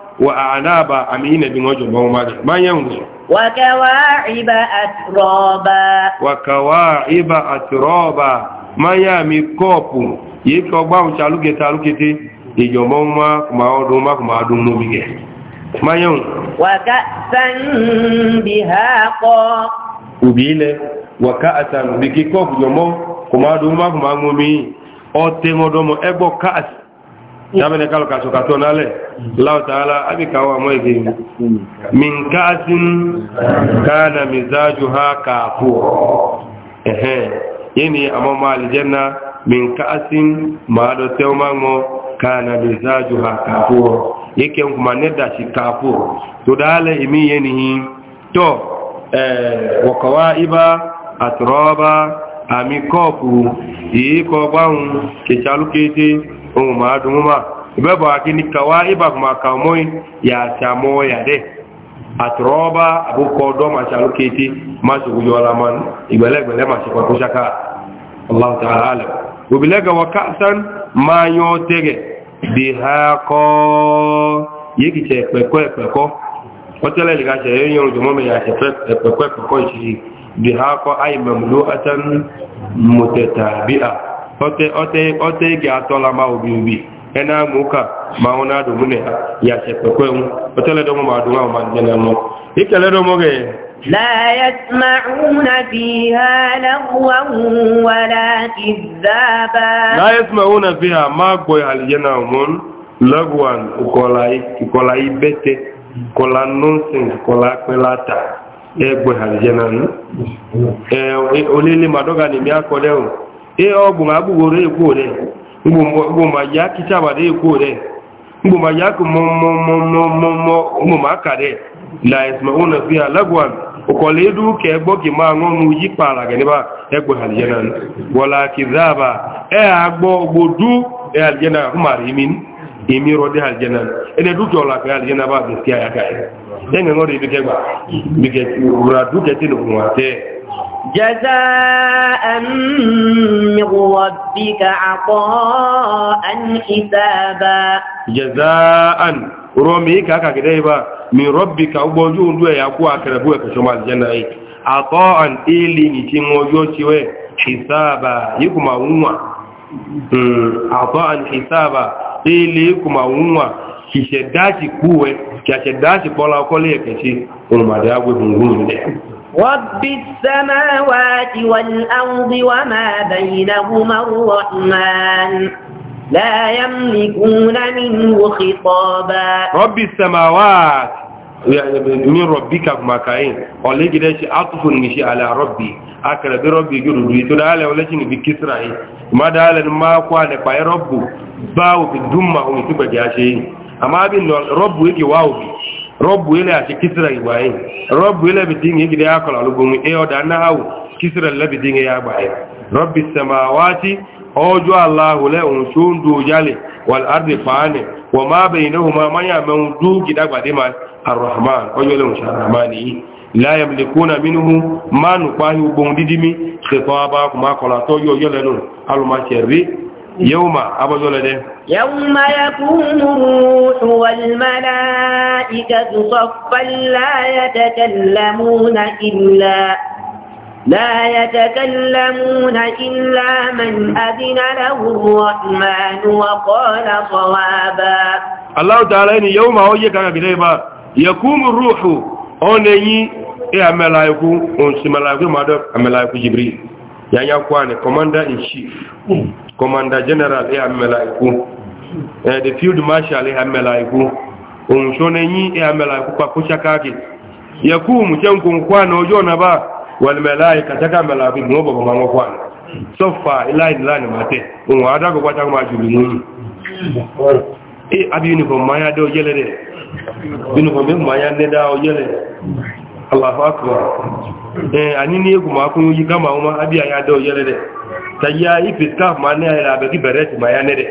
وأعنابا أمين بموجب ومالي ما ينظر وكواعب أترابا وكواعب أترابا ما يامي كوبو يكوبا وشالوكي تالوكي يجمعوا ما كما ما كما ما ينظر وكأسا بهاقا ubile wakaasan bikikofu jomo kumadumakumaŋumi oteŋodomo ebo kaasi yamene kalo ka soka to nale allah taala abika wa moyge min kasin kana mizajuha kafuro ehe yeni amama aljanna min kasin ma do tewmango kana mizajuha kafuro yake kuma ne da shi kafuro to dale imi yeni to eh wa qawaiba atroba ami kopu yi ko gbahun ke chalukete ohun ma dùn ma ìbẹ́bọ̀ àti ní kàwá ìbàkùnmà kàmọ́in yà àṣàmọ́ yàdẹ́ àtùrọ́ọ́bá àbúkọ ọdọ́ ma ṣe alókété ma ṣe òjò ọlámà ìgbẹ̀lẹ́gbẹ̀lẹ́ ma ṣe pàtó ṣáká allah ta'ala alam òbílẹ́gà wọ káàsán ma yọ tẹ́gẹ̀ bí ha kọ́ yékìtẹ̀ ẹ̀pẹ̀kọ́ ẹ̀pẹ̀kọ́ wọ́tẹ́lẹ̀ lè gàṣẹ̀ yẹn yọrùn jùmọ́ mi yàṣẹ̀ ẹ̀pẹ̀kọ́ ẹ̀pẹ̀kọ́ ìṣ ote ga atọla ma obi obi na amụ ma ọ na-adụ ya chepekwe otu otele dọmụ ma adụ ma ndị na mụ ikele dọmụ gị لا يسمعون فيها لغوا ولا كذابا لا يسمعون فيها ما قوي لغوا كولاي كولا كولا كولاتا ايه قوي ايه دوغاني ميا كوليو ee ọgbụ ma agbụghoro ekwo re mgbombaji akịcha agbada ekwo re mgbombaji mmọmmọmmọmmọ ụmụmaka re la ismauna fi alagwan ukọle idu ke egbo ki ma wọn mu yi para gani ba egbo aljana wala kizaba e agbo gbodu e aljana kuma rimin imi rode ene du jola ke aljana ba aya جزاء من ربك عطاء حسابا جزاء رومي كاكا كدايبا من ربك وبوجو ندو يا كو اكربو كشما الجنه اي عطاء الي نتي موجو تشوي حسابا يكما ونوا عطاء حسابا الي يكما ونوا كيشداشي كوي كيشداشي بولا كوليه كشي وما داغو بنغون ده رب السماوات والأرض وما بينهما الرحمن لا يملكون منه خطابا رب السماوات يعني من ربك ما كاين قال لي عطف نشي على ربي أكل بربي جرد ويتو دالة ولكن بكسرة ما دالة ما قوانة باي ربو باو في الدمة ومتبجاشي أما بي رب يجي واو بي rọ́bù ilẹ̀ àti kìsìrà ìgbà yìí rọ́bù ilẹ̀ bìtì ń gidi akọ̀lá ológun ẹ e ọ̀dà náà kìsìrà lẹ́bìtì ń yà gbà yìí rọ́bì sẹ̀máwáti ọjọ́ aláhùlẹ̀ òun tó ń do jálẹ̀ wàlárì fàánẹ̀ wọ́n máa bẹ̀yìn náà máa máyà mẹ́un dú gidagbàdé ma arrahman ọjọ́ lẹ́hùn sàràmánì yìí láyà mìlẹ̀kúnà mínú mánu pàáyé gbóhun dídí mi ṣètò abá kùmákọ̀lá tọ́jú ọjọ́ lẹ́nu alùmáṣẹ̀rí يوم أبو زولد يوم يكون الروح والملائكة صفا لا يتكلمون إلا لا يتكلمون إلا من أذن له الرحمن وقال صوابا الله تعالى يوم أوجك كذبا يقوم الروح أوني إيه ملائكة أونس ملائكة ماذا ملائكة جبريل yaya kwane commander in chief commander general ya melaiku eh the field marshal ya melaiku un shone ni ya melaiku kwa kusha kake yakumu chenku kwana ojona ba wal malaika taka melaiku ngobo kwa mango kwana so far ila ila ni mate un wada ko kwata ma juli ni eh abi uniform maya do yele de uniform maya ne da o yele Allahu akbar eh ani ni egu ma kun yi kama uma abi ya da yele de ta ya ifi ka ma ne ya da ki beret ma ya ne de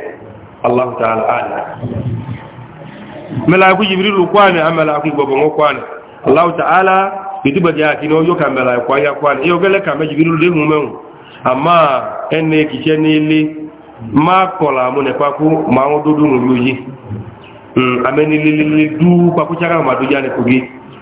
Allahu ta'ala ala malaiku jibril kwa ne amala ku gobo ngo kwa ne Allahu ta'ala bidiba ya ki no yo ka malaiku kwa ya kwa ne yo gele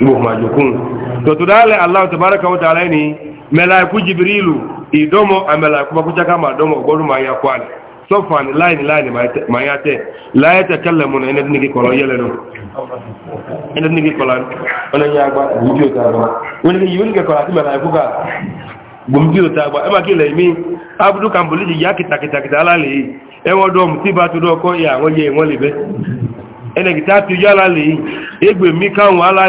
muhammajukun to to dale allah tabaraka wa taala ni malaiku jibrilu idomo amalaiku bakucha kama domo goru ma ya kwani sofan line line ma ya te la ya takallamuna ina nigi kolo yele no ina nigi kolan ona ya gba video ta ba woni ki yuni ke kola ti malaiku ga gumbiyo ta gba e ki le mi abdu kambuli ya kitakita kitala le e wodom ti ba to do ko ya won ye won le be ene gita ti yo ala le egbe mi kan wa ala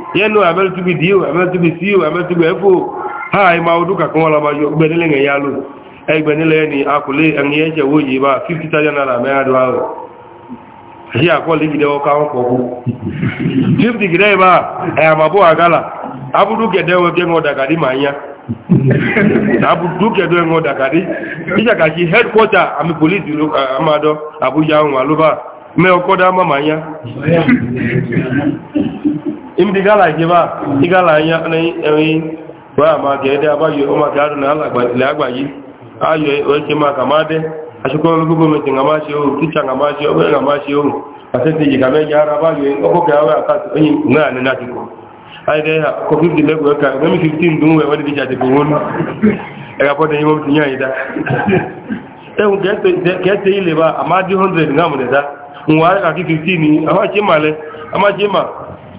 yẹnu amẹtubi diyo amẹtubi siyo amẹtubi ẹfo ha ima odu kankan wọn labayọ gbẹnilẹ ń yá lò e, ẹ gbẹnilẹ ni akule ẹni ẹjẹ yìí bá fifty thousand naira mẹ́rin àwẹ̀ ṣe àkọọ́lẹ̀ ìgbìdẹ ọkà wọn kọ̀ọ̀kú fifty gidẹ bá ẹ̀yàmàbọ̀ àgálà abudu gẹ̀dẹ̀ wọn gẹ́ wọn dàgàdì máa yá abudu gẹ̀dẹ̀ wọn dàgàdì ìṣàkàṣì headquarter àmì polisi eh, amadọ abuja wọn àlúbà mẹ́ ọkọ́dá má máa yá imdi gala ke ba igala anya ẹ̀rin ba ma ga ẹdẹ abáyọ ọmọ kàádùn náà lágbàáyé ayọ ẹ̀kẹ́ ma kà máa dẹ́ aṣíkọ́rọ̀ gọ́ọ̀mẹ̀tì nga máa ṣe ohun tíṣà nga máa ṣe ọgbẹ́ nga máa ṣe ohun àtẹ́tẹ́ yìí kàmẹ́ ara báyọ ọkọ̀kẹ́ awẹ́ àkáàtì oyin náà ní láti kọ́ ayẹyẹ akọ 50 lẹ́gbẹ̀ẹ́ ká ẹgbẹ́ mi 15 dùn wẹ̀ 15 ni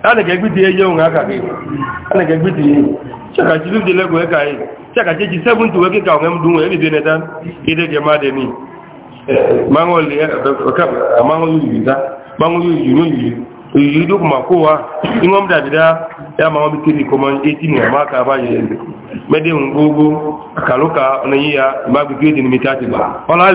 ana ka egbite enye onwe aka gị ana ka egbite ihe chakachi fifty lego eka anyị chakachi eji seventy wee ka onwe m du ebibi neta ide gị ma demi amanwụyuyiza manwụ yoyiri oyiyi ụkwụ ma kwụ ụwa ịṅụ m dabida ya ma iko ma eti ma aka aba mede na ya ma gbigbe dị n'imita atịgba ọla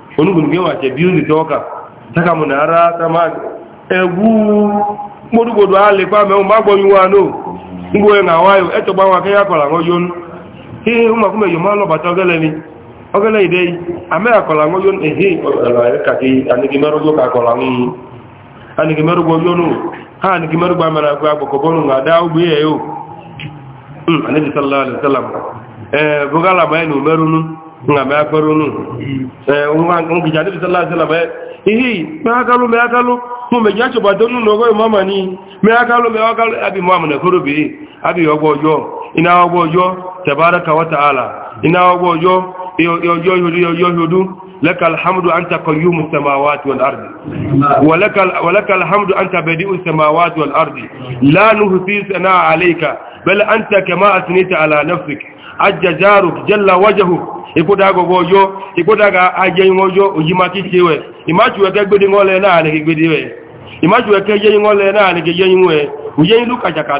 onugbun gẹ́ wà jẹ̀bí ní tọ́ọ̀kà tákàmù náà rá tàmà ẹgbú mọ́dúgbòdó alẹ́pá mẹ́un bá gbọ́ yíwa náà ngbò ẹ̀nà àwáyò ẹ̀tọ́gbà wọn akẹ́yà kọ̀lá wọn yónú kí ọmọ fún mẹ́yọ máa lọ́bàtà ọgẹ́lẹ́ ni ọgẹ́lẹ́ ìdẹ́ yìí amẹ́yà kọ̀lá ee nga mɛ akpɛrɛ nu ɛɛ n kìjà níbi sɛlɛ sɛlɛ bɛ ihi mɛ akalu mɛ akalu mo mɛ dza tsoba tó nu nɔgɔ yi mama ni mɛ akalu mɛ akalu abi mo amuna koro bi abi yɔ gbɔdzɔ ina yɔ gbɔdzɔ tɛbaara kawa ta ala ina yɔ gbɔdzɔ yɔyɔ yɔyɔdu lɛka alhamdu anta kɔyumu samawaati wal ardi walɛka alhamdu anta bɛdiu samawaati wal ardi laanuhu fi sanaa aleika bɛlɛ anta kɛmɛ asinita ala nafsika. ajjajaruk jalla wajahuk ikoda gogo ojo ikoda ga ajeyin ojo ojimaki tiwe imaju ke gbede ngole na ni gbede we imaju ke yeyin ngole na ni ke yeyin we uyeyin luka jaka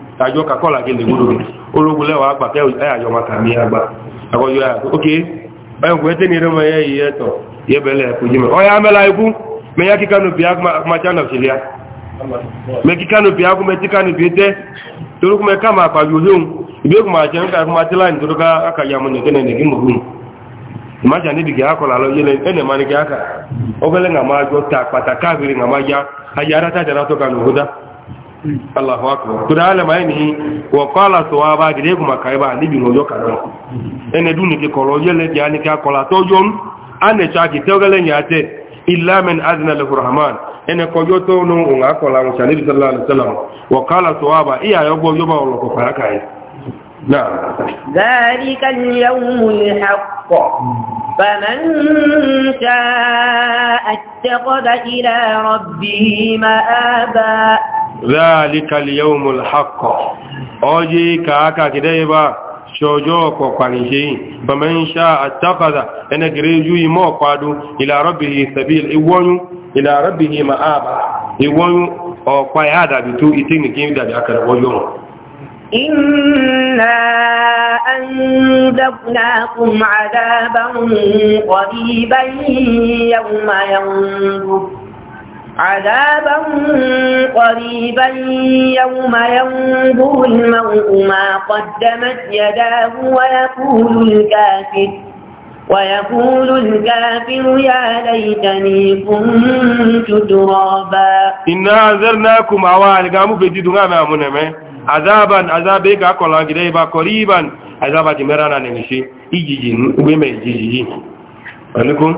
àjọ kakọ́ làgé lè gbódò ológun lẹ́wọ̀ àgbà kẹ́ àjọ màkà mi àgbà àkọ́jọ́ yà ok ẹ̀kùn ẹ̀tẹ́ ní rẹ́mọ̀ yẹ yìí ẹ̀tọ̀ yẹ bẹ̀lẹ̀ ẹ̀kùn jẹ́ mẹ́ ọ̀yà mẹ́la ikú mẹ́yà kíkà nùpì àkùmàjánà òṣèlú mẹ́ kíkà nùpì àkùmẹ́tíkà nùpì tẹ́ torúkú mẹ́ káàmà àpàjù olóhun ìgbékùn àjẹ́ ńkà àkùmàtíláì nítorí kákàyàmù nìkẹ́nẹ̀ nìkí mọ̀gún maja níbi Allahu akbar to da alama yini wa qala sawaba gide kuma kai ba ni bi ngojo ka don ene duni ke kolo yele ya ni ka kola to yon ane cha ki to gele nya te illa min azna lahu rahman ene ko yo to no nga kola mo cha ni sallallahu alaihi wasallam wa qala فمن شاء اتخذ إلى ربه مآبا ذلك اليوم الحق اوجي كاكا كديبا شوجو كوكانيشي فمن شاء اتخذ انا غريجو يمو قادو الى ربه سبيل ايونو الى ربه مآبا ايونو او قاي هذا بتو يتني كيم دا اكل ويوم إنا أنذرناكم عذابا قريبا يوم ينظر عذابا قريبا يوم ينظر المرء ما قدمت يداه ويقول الكافر ويقول الكافر يا ليتني كنت ترابا إنا عذرناكم عوان قاموا بجدنا ما منمه عذابا عذابك أقول عن قريبا قريبا عذابا جمرانا نمشي إجيجين ومجيجين ẹnukún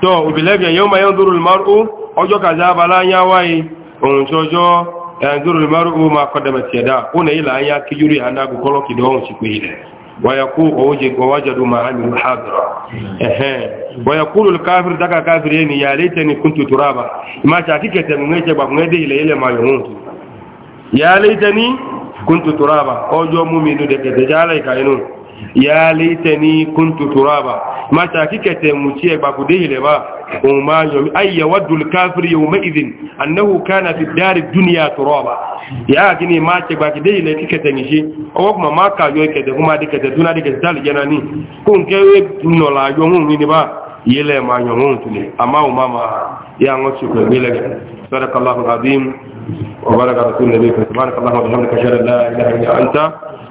tó òbìlẹ́bìyàn yóò máa yán dúró lùmárù ọjọ́ kàzába láyá wáyé ohun tí ọjọ́ ẹ̀dúró lùmárù ma kọ́dẹ̀mẹ̀ tí ẹ̀dá ó nà ilà ayá kí yúrí anágún kọ́lọ́kìdọ̀ ohun ti pé ilẹ̀ wayakú oúnjẹ gbọ́wájọ́dún ma hàmì lùhàbìrọ̀ ẹ̀hẹ́n wayakú lùkáfírí dáka káfírí ẹni yà lè tẹni kún tuntun rába ìmáṣà kíkẹtẹ̀ mú ẹjẹ gbàgbọ́n ẹdẹ ilẹ̀ ilẹ̀ ma yọ̀hún tu yà lè tẹni kún tuntun rába ọjọ́ mú mi nù dẹ̀kẹ̀tẹ̀ jálẹ̀ ìkàyẹnù ya laitani kuntu turaba mata kikete muci e bakude ile ba umma yomi ay yawaddu al-kafir yawma idhin annahu kana fi dar ad-dunya turaba ya gini ma ce bakude ile kikete ngishi owo kuma maka yo kete kuma dikete tuna dikete tal janani kun kewe no la yo ngun ni ba yele ma yo ngun tuni ama umma ma ya ngochi ko bile sadaqa allah al wa baraka rasul nabi subhanallahi wa bihamdihi ashhadu la ilaha illa anta